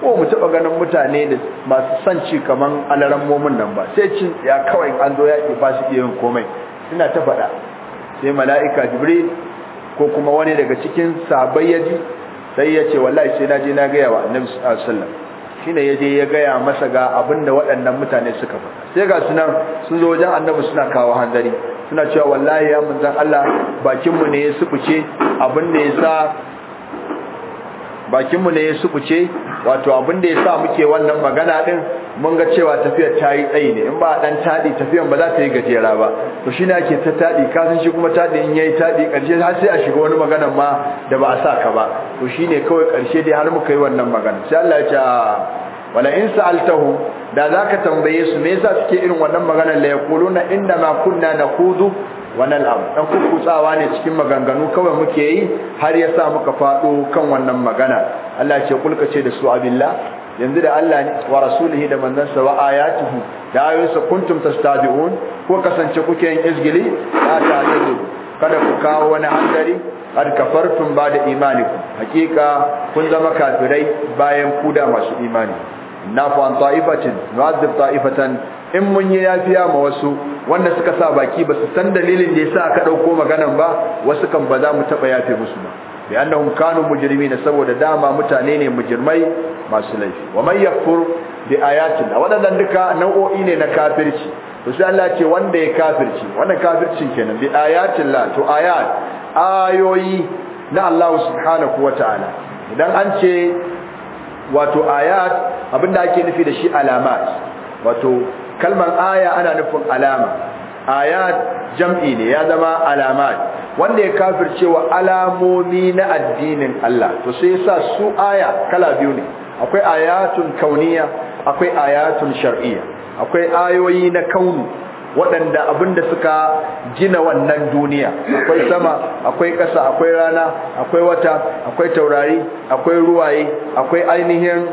[SPEAKER 1] ko mu taba ganin mutane da masu son ci kaman alaran mumin nan ba sai cin ya kawai an zo yaki ba su iya yin komai suna ta faɗa sai mala'ika jibril ko kuma wani daga cikin sahabbai ya ji sai ya ce wallahi sai na je na ga yawa annabi sallallahu alaihi wasallam shine ya je ya gaya masa ga abinda waɗannan mutane suka faɗa sai ga sunan sun zo wajen annabi suna kawo hanzari suna cewa wallahi ya manzan Allah bakinmu ne ya subuce abinda ya sa bakinmu ne ya subuce wato abinda ya sa muke wannan magana din mun ga cewa tafiyar ta yi tsayi ne in ba a dan taɗi tafiyar ba za ta yi gajera ba to shi ne ake ta taɗi kasan shi kuma taɗi in yi taɗi ƙarshe har sai a shiga wani magana ma da ba a sa ka ba to shi ne kawai karshe dai har muka yi wannan magana sai Allah ya wala in sa'altahu da zaka tambaye su me yasa suke irin wannan magana la yaquluna inna ma kunna nakhudu wa nal'ab dan tsawa ne cikin maganganu kawai muke yi har yasa muka fado kan wannan magana Allah ce kulka ce da su abillah yanzu da Allah ne wa rasulihi da manzansa wa ayatuhu da ayoyinsa kuntum tastabi'un ko kasance kuke yin izgili ta ta'lamu kada ku kawo wani hankali kad kafartum ba da imani hakika kun zama kafirai bayan kuda masu imani nafu an ta'ifatin nu'adhib ta'ifatan in mun yi yafiya ma wasu wanda suka sa baki ba su san dalilin da yasa aka dauko maganan ba wasu kan ba za mu taba yafe musu ba bi annahum kanu mujrimina saboda dama mutane ne mujrimai masu laifi wa man yakfur bi ayatin wadannan duka nau'o'i ne na kafirci to sai Allah ce wanda ya kafirci wannan kafircin kenan bi ayatin la to ayat ayoyi na Allah subhanahu ta'ala idan an ce wato ayat abinda ake nufi da shi alamat wato kalmar aya ana nufin alama ayat jam'i ne ya zama alamat wanda ya cewa alamomi na addinin Allah to sai yasa su aya kala biyu ne akwai ayatun kauniya akwai ayatun shar'iyya akwai ayoyi na kaunu waɗanda da suka gina wannan duniya akwai sama akwai ƙasa akwai rana akwai wata akwai taurari akwai ruwaye akwai ainihin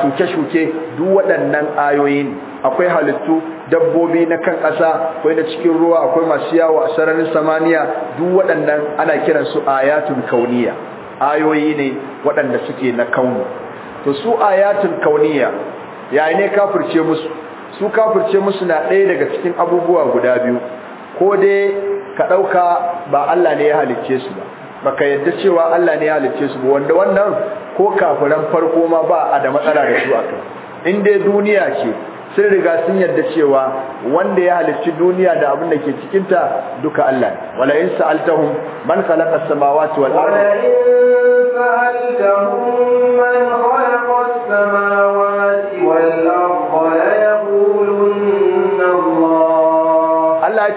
[SPEAKER 1] shuke-shuke duk waɗannan ayoyi akwai halittu dabbobi na kan ƙasa akwai na cikin ruwa akwai masu yawo a sararin samaniya duk waɗannan ana kiransu ayatun kauniya ayoyi ne waɗanda suke na kaunu to su ayatun kauniya yayi ne kafirce musu su kafirce musu na ɗaya daga cikin abubuwa guda biyu ko dai ka ɗauka ba Allah ne ya halicce su ba ba ka yadda cewa Allah ne ya halicce su ba wanda wannan ko kafiran farko ma ba a da matsala da su kai. in dai duniya ce sun riga sun yadda cewa wanda ya halicci duniya da abin da ke cikinta duka Allah ne wala in sa'altahum man khalaqa as-samawati wal wala in sa'altahum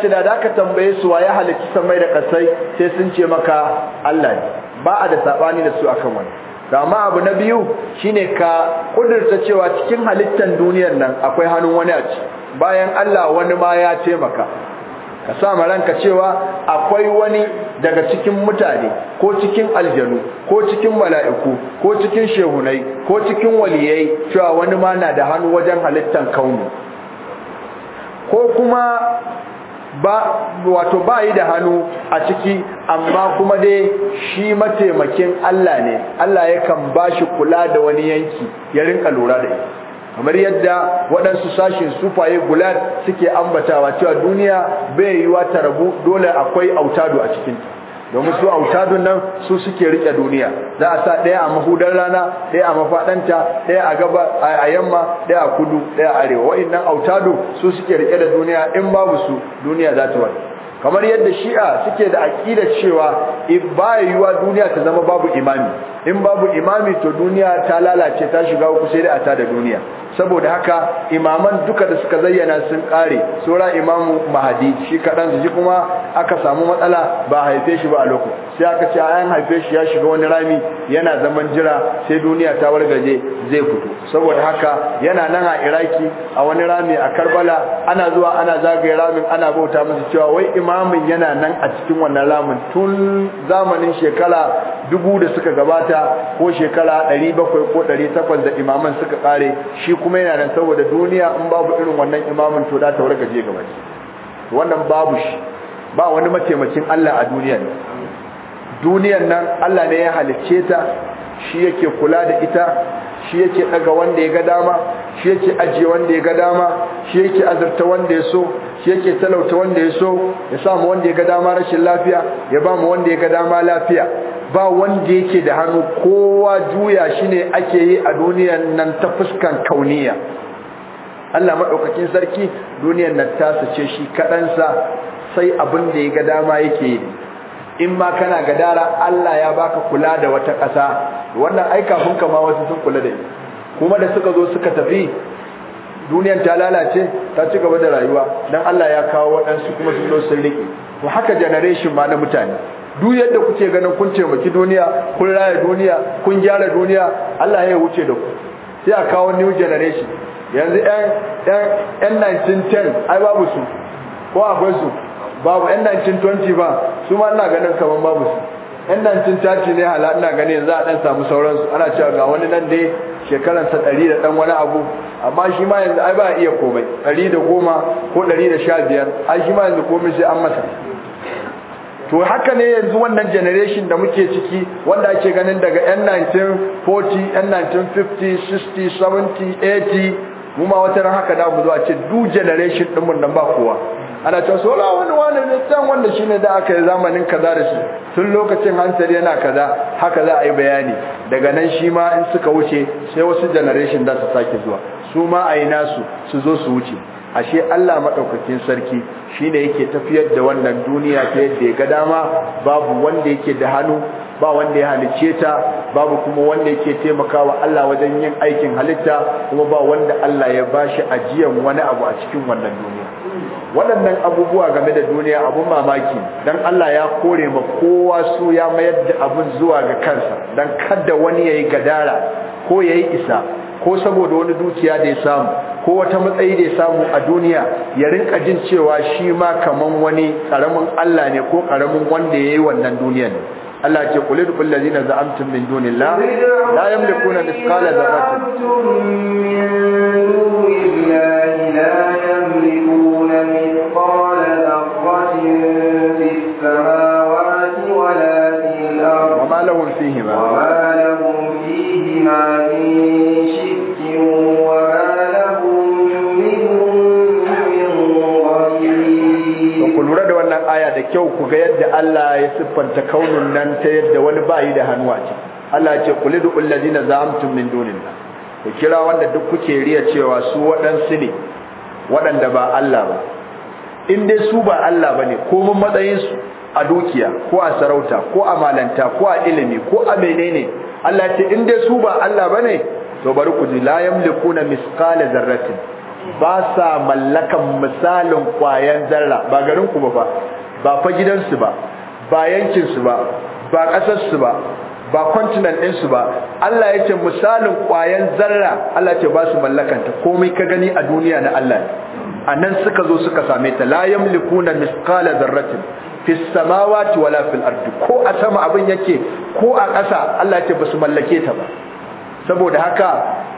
[SPEAKER 1] ce da za ka tambaye su waye halicci samai da kasai sai sun ce maka Allah ne ba a da sabani da su akan wani amma abu na biyu shine ka kudurta cewa cikin halittan duniyar nan akwai hannun wani a ci bayan Allah wani ma ya ce maka. ka sa ma ranka cewa akwai wani daga cikin mutane ko cikin aljanu ko cikin mala'iku ko cikin shehunai ko cikin waliyai cewa wani ma na da hannu wajen halittan kaunu ko kuma ba wato bayi da hannu a ciki amma kuma dai shi mataimakin Allah ne Allah yakan shi kula da wani yanki ya rinka lura da yanki. kamar yadda waɗansu sashen sufaye gulat suke ambatawa cewa duniya bai yiwa ta rabu dole akwai autado a cikinta domin su autadun nan su suke rike duniya za a sa daya a mahudar rana daya a mafadanta daya a gaba a yamma daya a kudu daya a arewa wa'annan autadu su suke rike da duniya in babu su duniya za ta wani kamar yadda shi'a suke da aƙidar cewa baya yiwuwa duniya ta zama babu imami in babu imami to duniya ta lalace ta shiga uku sai ata da duniya saboda haka imaman duka da suka zayyana sun kare sura imamu mahadi shi kadan su ji kuma aka samu matsala ba a haife shi ba a lokacin sai aka ce ayan haife shi ya shiga wani rami yana zaman jira sai duniya ta wargaje zai fito saboda haka yana nan a iraki a wani rami a karbala ana zuwa ana zagaye ramin ana bauta musu cewa wai imamin yana nan a cikin wannan ramin tun zamanin shekara dubu da suka gabata ko shekara ɗari bakwai ko takwas da imaman suka kare shi kuma yana nan saboda duniya in babu irin wannan imamin to da ta warga je gaba wannan babu shi ba wani mataimakin Allah a duniya ne duniyan nan Allah ne ya halicce ta shi yake kula da ita shi yake daga wanda ya ga dama shi yake ajiye wanda ya ga dama shi yake azurta wanda ya so shi yake talauta wanda ya so ya sa mu wanda ya ga dama rashin lafiya ya ba mu wanda ya ga dama lafiya ba wanda yake da hannu kowa juya shi ne ake yi a duniyan nan ta fuskan kauniya Allah maɗaukakin sarki duniyan nan ta ce shi kaɗansa sai abin da ya ga dama yake yi in ma kana gadara Allah ya baka kula da wata ƙasa wannan ai kafin kama wasu sun kula da ni. kuma da suka zo suka tafi duniyar ta lalace ta ci gaba da rayuwa dan Allah ya kawo waɗansu kuma sun zo sun riƙe to haka generation ma na mutane duk yadda kuke ganin kun taimaki duniya kun raya duniya kun gyara duniya Allah ya wuce da ku sai a kawo new generation yanzu ɗan 1910 ai babu su ko akwai su babu yan 1920 ba su ma ina ganin kaman babu su yan 1930 ne hala ina ganin yanzu a dan samu sauransu ana cewa ga wani nan dai sa 100 da dan wani abu amma shi ma yanzu ai ba iya komai ɗari ko 115 ai shi ma yanzu komai sai an masa to haka ne yanzu wannan generation da muke ciki wanda ake ganin daga yan 1940 yan 1950 60 70 80 mu ma wata ran haka da mu zo a ce du generation mun nan ba kowa ana cewa sola wani wani ne can wanda shine da aka yi zamanin kaza da shi tun lokacin hantari yana kaza haka za a yi bayani daga nan shi ma in suka wuce sai wasu generation da su sake zuwa su ma a yi nasu su zo su wuce ashe Allah madaukakin sarki shine yake tafiyar da wannan duniya ta yadda ya ga dama babu wanda yake da hannu ba wanda ya halicce ta babu kuma wanda yake taimakawa Allah wajen yin aikin halitta kuma ba wanda Allah ya bashi ajiyan wani abu a cikin wannan duniya waɗannan abubuwa game da duniya abun mamaki don Allah ya kore ma kowa su ya mayar da abun zuwa ga kansa don kada wani ya yi gadara ko ya yi isa ko saboda wani dukiya da ya samu ko wata matsayi da ya samu a duniya ya rinka jin cewa shi ma kamar wani ƙaramin Allah ne ko ƙaramin wanda ya yi wannan duniyar ne Allah ce kulil bil ladina za'amtum min dunillah la yamlikuna mithqala dharratin
[SPEAKER 2] min dunillahi la
[SPEAKER 1] kyau ku ga yadda Allah ya siffanta kaunin nan ta yadda wani bayi da hannu a ciki Allah ce qul du alladhina za'amtum min dunillah ku kira wanda duk kuke riya cewa su su ne waɗanda ba Allah ba in dai su ba Allah bane ko mun matsayin su a dukiya ko a sarauta ko a malanta ko a ilimi ko a menene Allah ce in dai su ba Allah bane to bari ku ji la yamlikuna misqala zarratin ba sa mallakan misalin kwayan zarra ba garin ku ba ba fa gidansu ba ba yankinsu ba ba ƙasarsu ba ba continent ɗinsu ba Allah ya ce misalin ƙwayan zarra Allah ce ba su mallakanta komai ka gani a duniya na Allah anan a nan suka zo suka same ta la yamlikuna misqala zarratin fi samawati wala fil ardi ko a sama abin yake ko a ƙasa Allah ya ce ba su mallake ta ba saboda haka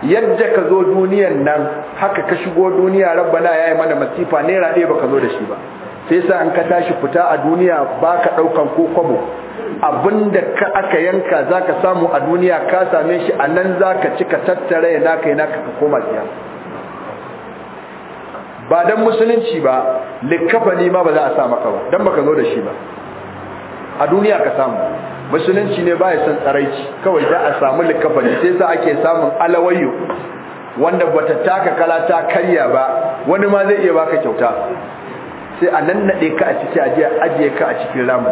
[SPEAKER 1] yadda ka zo duniyan nan haka ka shigo duniya rabbana yayi mana masifa naira ɗaya baka zo da shi ba sai sa an ka tashi fita a duniya ba ka ɗaukan ko kwabo abinda ka aka yanka za ka samu a duniya ka same shi a nan za ka ci ka tattara ya naka ya naka ka koma siya ba don musulunci ba ne ma ba za a sa maka ba don baka zo da shi ba a duniya ka samu musulunci ne ba ya san tsaraici kawai za a samu ne sai sa ake samun alawayyo wanda bata taka kala ta karya ba wani ma zai iya baka kyauta sai a nade ka a ciki a ajiye ka a cikin ramu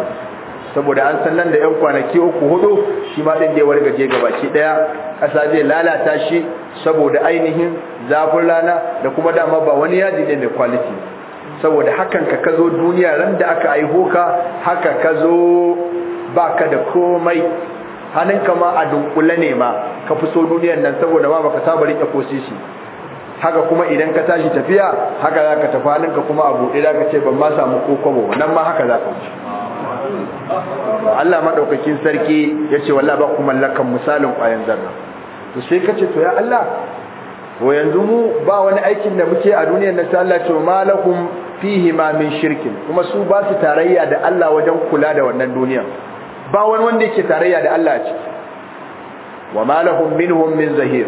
[SPEAKER 1] saboda an san nan da yan kwanaki uku hudu shi ma da dai wargaje ga baki ɗaya kasa zai lalata shi saboda ainihin zafin rana da kuma dama ba wani yadi ne mai quality saboda hakan ka kazo duniya ran da aka aiho ka haka kazo baka da komai hannunka ma a dunkule ne ma ka fi so duniyar nan saboda ba baka saba rike ko sisi haka kuma idan ka tashi tafiya haka za ka tafi kuma a buɗe za ka ce ban ma samu ko kwabo nan ma haka za ka wuce Allah maɗaukakin sarki ya ce wallah ba ku mallakan misalin ƙwayan zarra to sai ka ce to ya Allah to yanzu mu ba wani aikin da muke a duniyar nan sai Allah ce ma fihi ma min shirkin kuma su ba su tarayya da Allah wajen kula da wannan duniya ba wani wanda yake tarayya da Allah a ciki wa ma minhum min zahir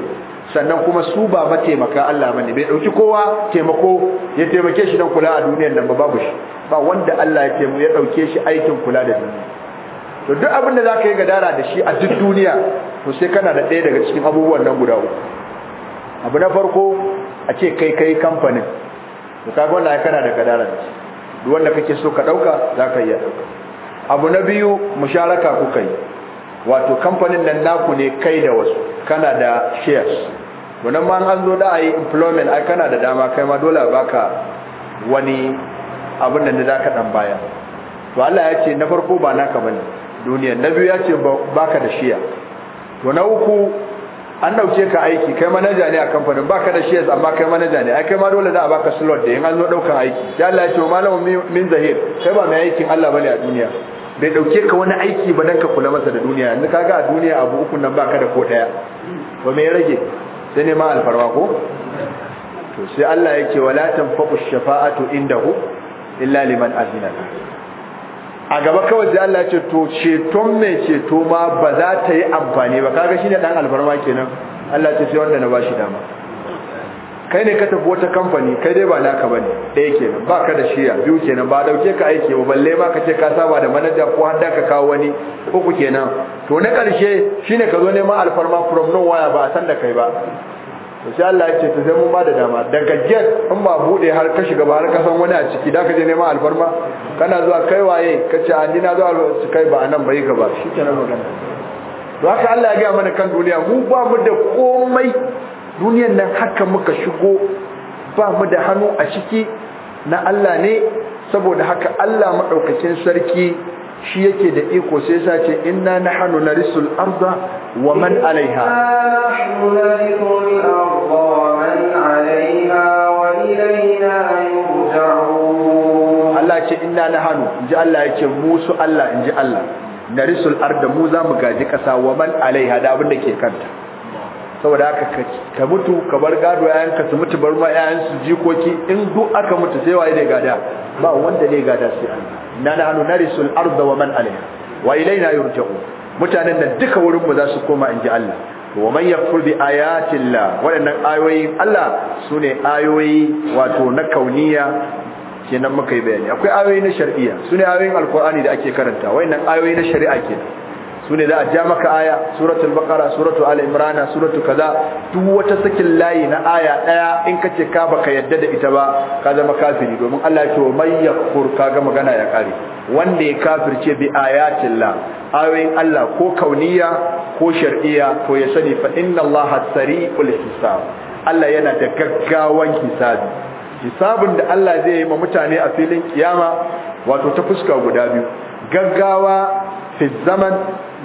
[SPEAKER 1] sannan kuma su ba mataimaka Allah bane bai dauki kowa taimako ya taimake shi dan kula a duniyar nan ba babu shi ba wanda Allah ya taimu ya dauke shi aikin kula da duniya to duk abin da zaka yi gadara da shi a duk duniya to sai kana da ɗaya daga cikin abubuwan nan guda uku abu na farko a ce kai kai kamfanin to kaga wannan ai kana da gadara da shi duk wanda kake so ka dauka zaka iya dauka abu na biyu musharaka ku kai. wato kamfanin nan naku ne kai da wasu kana da shares wannan ma an zo da ai employment ai kana da dama kai ma dole baka wani abin da zaka dan baya to Allah ya ce na farko ba naka bane duniya na biyu ya ce baka da shiya to na uku an dauke ka aiki kai manaja ne a kamfanin baka da shares amma kai manaja ne ai kai ma dole za a baka slot da in an zo daukan aiki sai Allah ya ce malamin min zahir kai ba mai aikin Allah bane a duniya bai dauke ka wani aiki ba dan ka kula masa da duniya yanzu kaga a duniya abu uku nan baka da ko daya ba me rage sai ne ma alfarwa ko to sai Allah yake wala tanfaqu shafa'atu indahu illa liman azina a gaba kawai sai Allah ce to ceton mai ceto ma ba za ta yi amfani ba kaga shine dan alfarma kenan Allah ce sai wanda na bashi dama kai ne ka tafi wata kamfani kai dai ba naka bane ɗaya kenan ba ka da shiya biyu kenan ba dauke ka aiki ba balle ma ka ce ka saba da manaja ko har da ka kawo wani uku nan. to na ƙarshe shine ka zo neman alfarma from no waya ba a san da kai ba to sai Allah ya ce to sai mun ba da dama daga gate in ba bude har ka shiga ba har ka san wani a ciki da ka je neman alfarma kana zuwa kai waye ka ce an na zuwa su kai ba a nan bai ka ba nan magana to haka Allah ya gaya mana kan duniya mu ba mu da komai duniyar nan haka muka shigo ba mu da hannu a ciki na Allah ne saboda haka Allah maɗaukacin sarki shi yake da iko sai sa ce inna nahnu narisul arda wa man alaiha Allah ce inna nahnu inji Allah yake mu su Allah inji Allah narisul arda mu za mu gaji kasa wa man alaiha da abin da ke kanta saboda haka ka mutu ka bar gado yayan ka su mutu bar ma yayan su jikoki in duk aka mutu sai waye ne gada ba wanda ne gada sai Allah na nahnu narisul arda wa man alaiha wa ilaina yurja'u mutanen nan duka wurin mu za su koma inji Allah wa man yakfur bi ayatillah waɗannan ayoyin Allah sune ayoyi wato na kauniya kenan muka yi bayani akwai ayoyi na shar'iyya sune ayoyin alqur'ani da ake karanta wayannan ayoyi na shari'a kenan su ne za a ja maka aya suratul baqara suratul Ali imrana suratul kaza duk wata sakin layi na aya daya in kace ka baka yadda da ita ba ka zama kafiri domin Allah ya ce wa may ka kaga magana ya kare wanda ya kafirce bi ayatillah ayoyin Allah ko kauniya ko shar'iyya to ya sani fa inna Allah sari'ul hisab Allah yana da gaggawan hisabi hisabin da Allah zai yi ma mutane a filin kiyama wato ta fuska guda biyu gaggawa fi zaman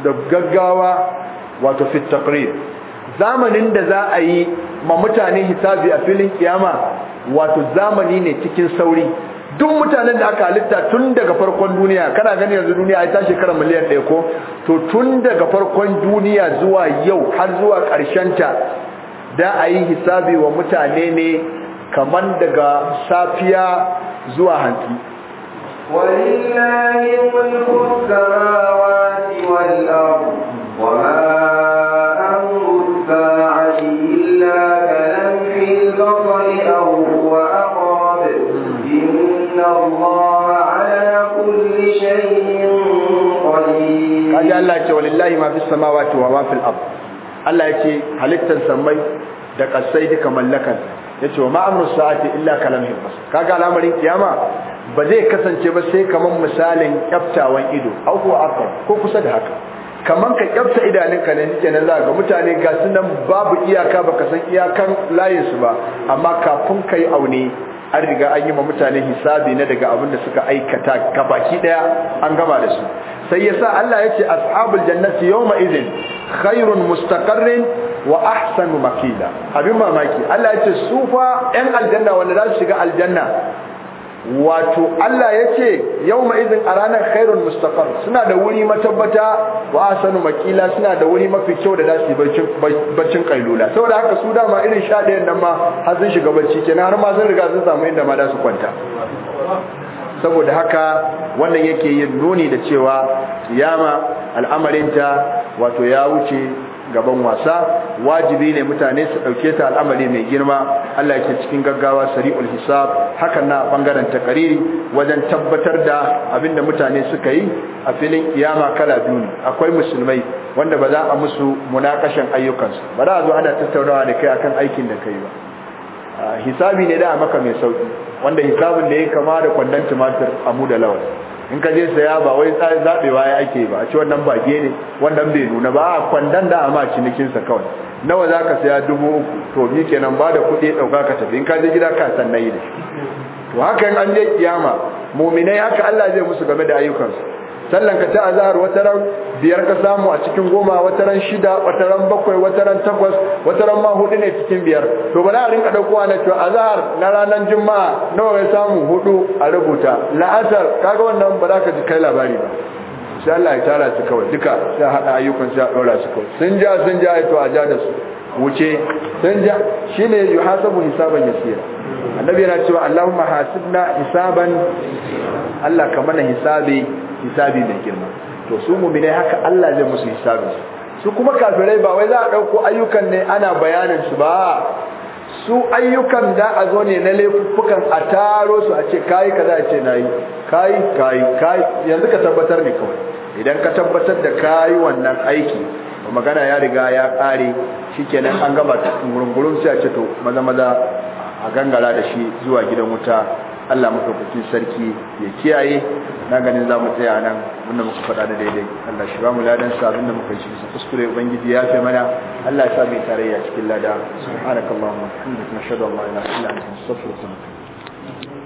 [SPEAKER 1] da gaggawa wato fit taqrir zamanin da za a yi ma mutane hisabi a filin kiyama wato zamani ne cikin sauri duk mutanen da aka halitta tun daga farkon duniya kana gani yanzu duniya ai ta shekara miliyan ɗaya ko to tun daga farkon duniya zuwa yau har zuwa ƙarshen ta da a yi hisabi wa mutane ne kaman daga safiya zuwa hanti
[SPEAKER 2] walillahi
[SPEAKER 1] kaji Allah ce walillahi ma wa fil Allah ya ce halittar samai da ƙasai duka mallakan ce wa ma sa'ati illa kalamhi bas kaga al'amarin kiyama ba zai kasance ba sai kamar misalin kyaftawan ido au ko ko kusa da haka kaman ka kyafta idanunka ne kenan za ga mutane ga sunan babu iyaka ba ka san iyakan layin su ba amma kafin ka yi aune an riga an yi ma mutane hisabi na daga abin da suka aikata baki daya an gaba da su sai yasa Allah ya ce ashabul jannati yawma idin khairun mustaqarrin wa ahsanu maqila abin mamaki Allah ya ce su fa yan aljanna wanda za su shiga aljanna wato Allah ya ce yau ma'izin a ranar khairun mustaqar suna da wuri matabbata wa asanu makila suna da wuri mafi kyau da dasu baccin kailula saboda haka su dama irin sha ɗayan nan ma har sun shiga bacci kenan har ma sun riga sun samu inda ma da su kwanta saboda haka wannan yake yin nuni da cewa al'amarin al'amarinta wato ya wuce gaban wasa wajibi ne mutane su dauke ta al'amari mai girma Allah yake cikin gaggawa sari'ul hisab hakan na bangaren takariri wajen tabbatar da abin da mutane suka yi a filin kiyama kala biyu ne akwai musulmai wanda ba za a musu munakashin ayyukansu ba za a zo ana tattaunawa da kai akan aikin da kai ba ah, hisabi ne da maka mai sauki wanda hisabin da ya kama da kwandon tumatir a mu da lawal in ka je saya ba wai zaɓewa ya ake ba a ci wannan bage ne wannan bai nuna ba a kwandon da a ma cinikinsa kawai nawa za ka saya dubu uku to bi kenan ba da kuɗi ɗauka ka tafi in ka je gida ka san na yi da shi to haka in an je kiyama muminai haka Allah zai musu game da ayyukansu sallan ka ta azhar wata ran biyar ka samu a cikin goma wata ran shida wata ran bakwai wata ran takwas wata ran ma hudu ne cikin biyar to ba za a rinka daukowa na cewa azhar na ranar juma'a nawa ya samu hudu a rubuta la'asar kaga wannan ba za ka ji kai labari ba sai Allah ya tara su kawai duka sai hada ayyukan sai dora su kawai sun ja sun ja to a ja da su wuce sun ja shine yuhasabu hisaban yasira annabi yana cewa Allahumma hasibna hisaban Allah ka mana hisabi hisabi mai girma to su mu'mine haka Allah zai musu hisabi su kuma kafirai ba wai za a dauko ayyukan ne ana bayanin su ba su ayyukan da a zo ne na laifukan a taro su a ce kayi kaza a ce nayi kayi kayi kayi yanzu ka tabbatar ne kawai idan ka tabbatar da kayi wannan aiki magana ya riga ya kare shikenan an gama gurin sai a ce to maza maza a gangara da shi zuwa gidan wuta Allah madaukakin sarki ya kiyaye na ganin za mu tsaya nan wanda muka faɗa da daidai Allah shi ba mu ladan sa abinda muka ci su kuskure ubangiji ya fi mana Allah ya sa mai tarayya cikin lada subhanakallahumma wa bihamdika nashhadu an la ilaha illa anta astaghfiruka wa atubu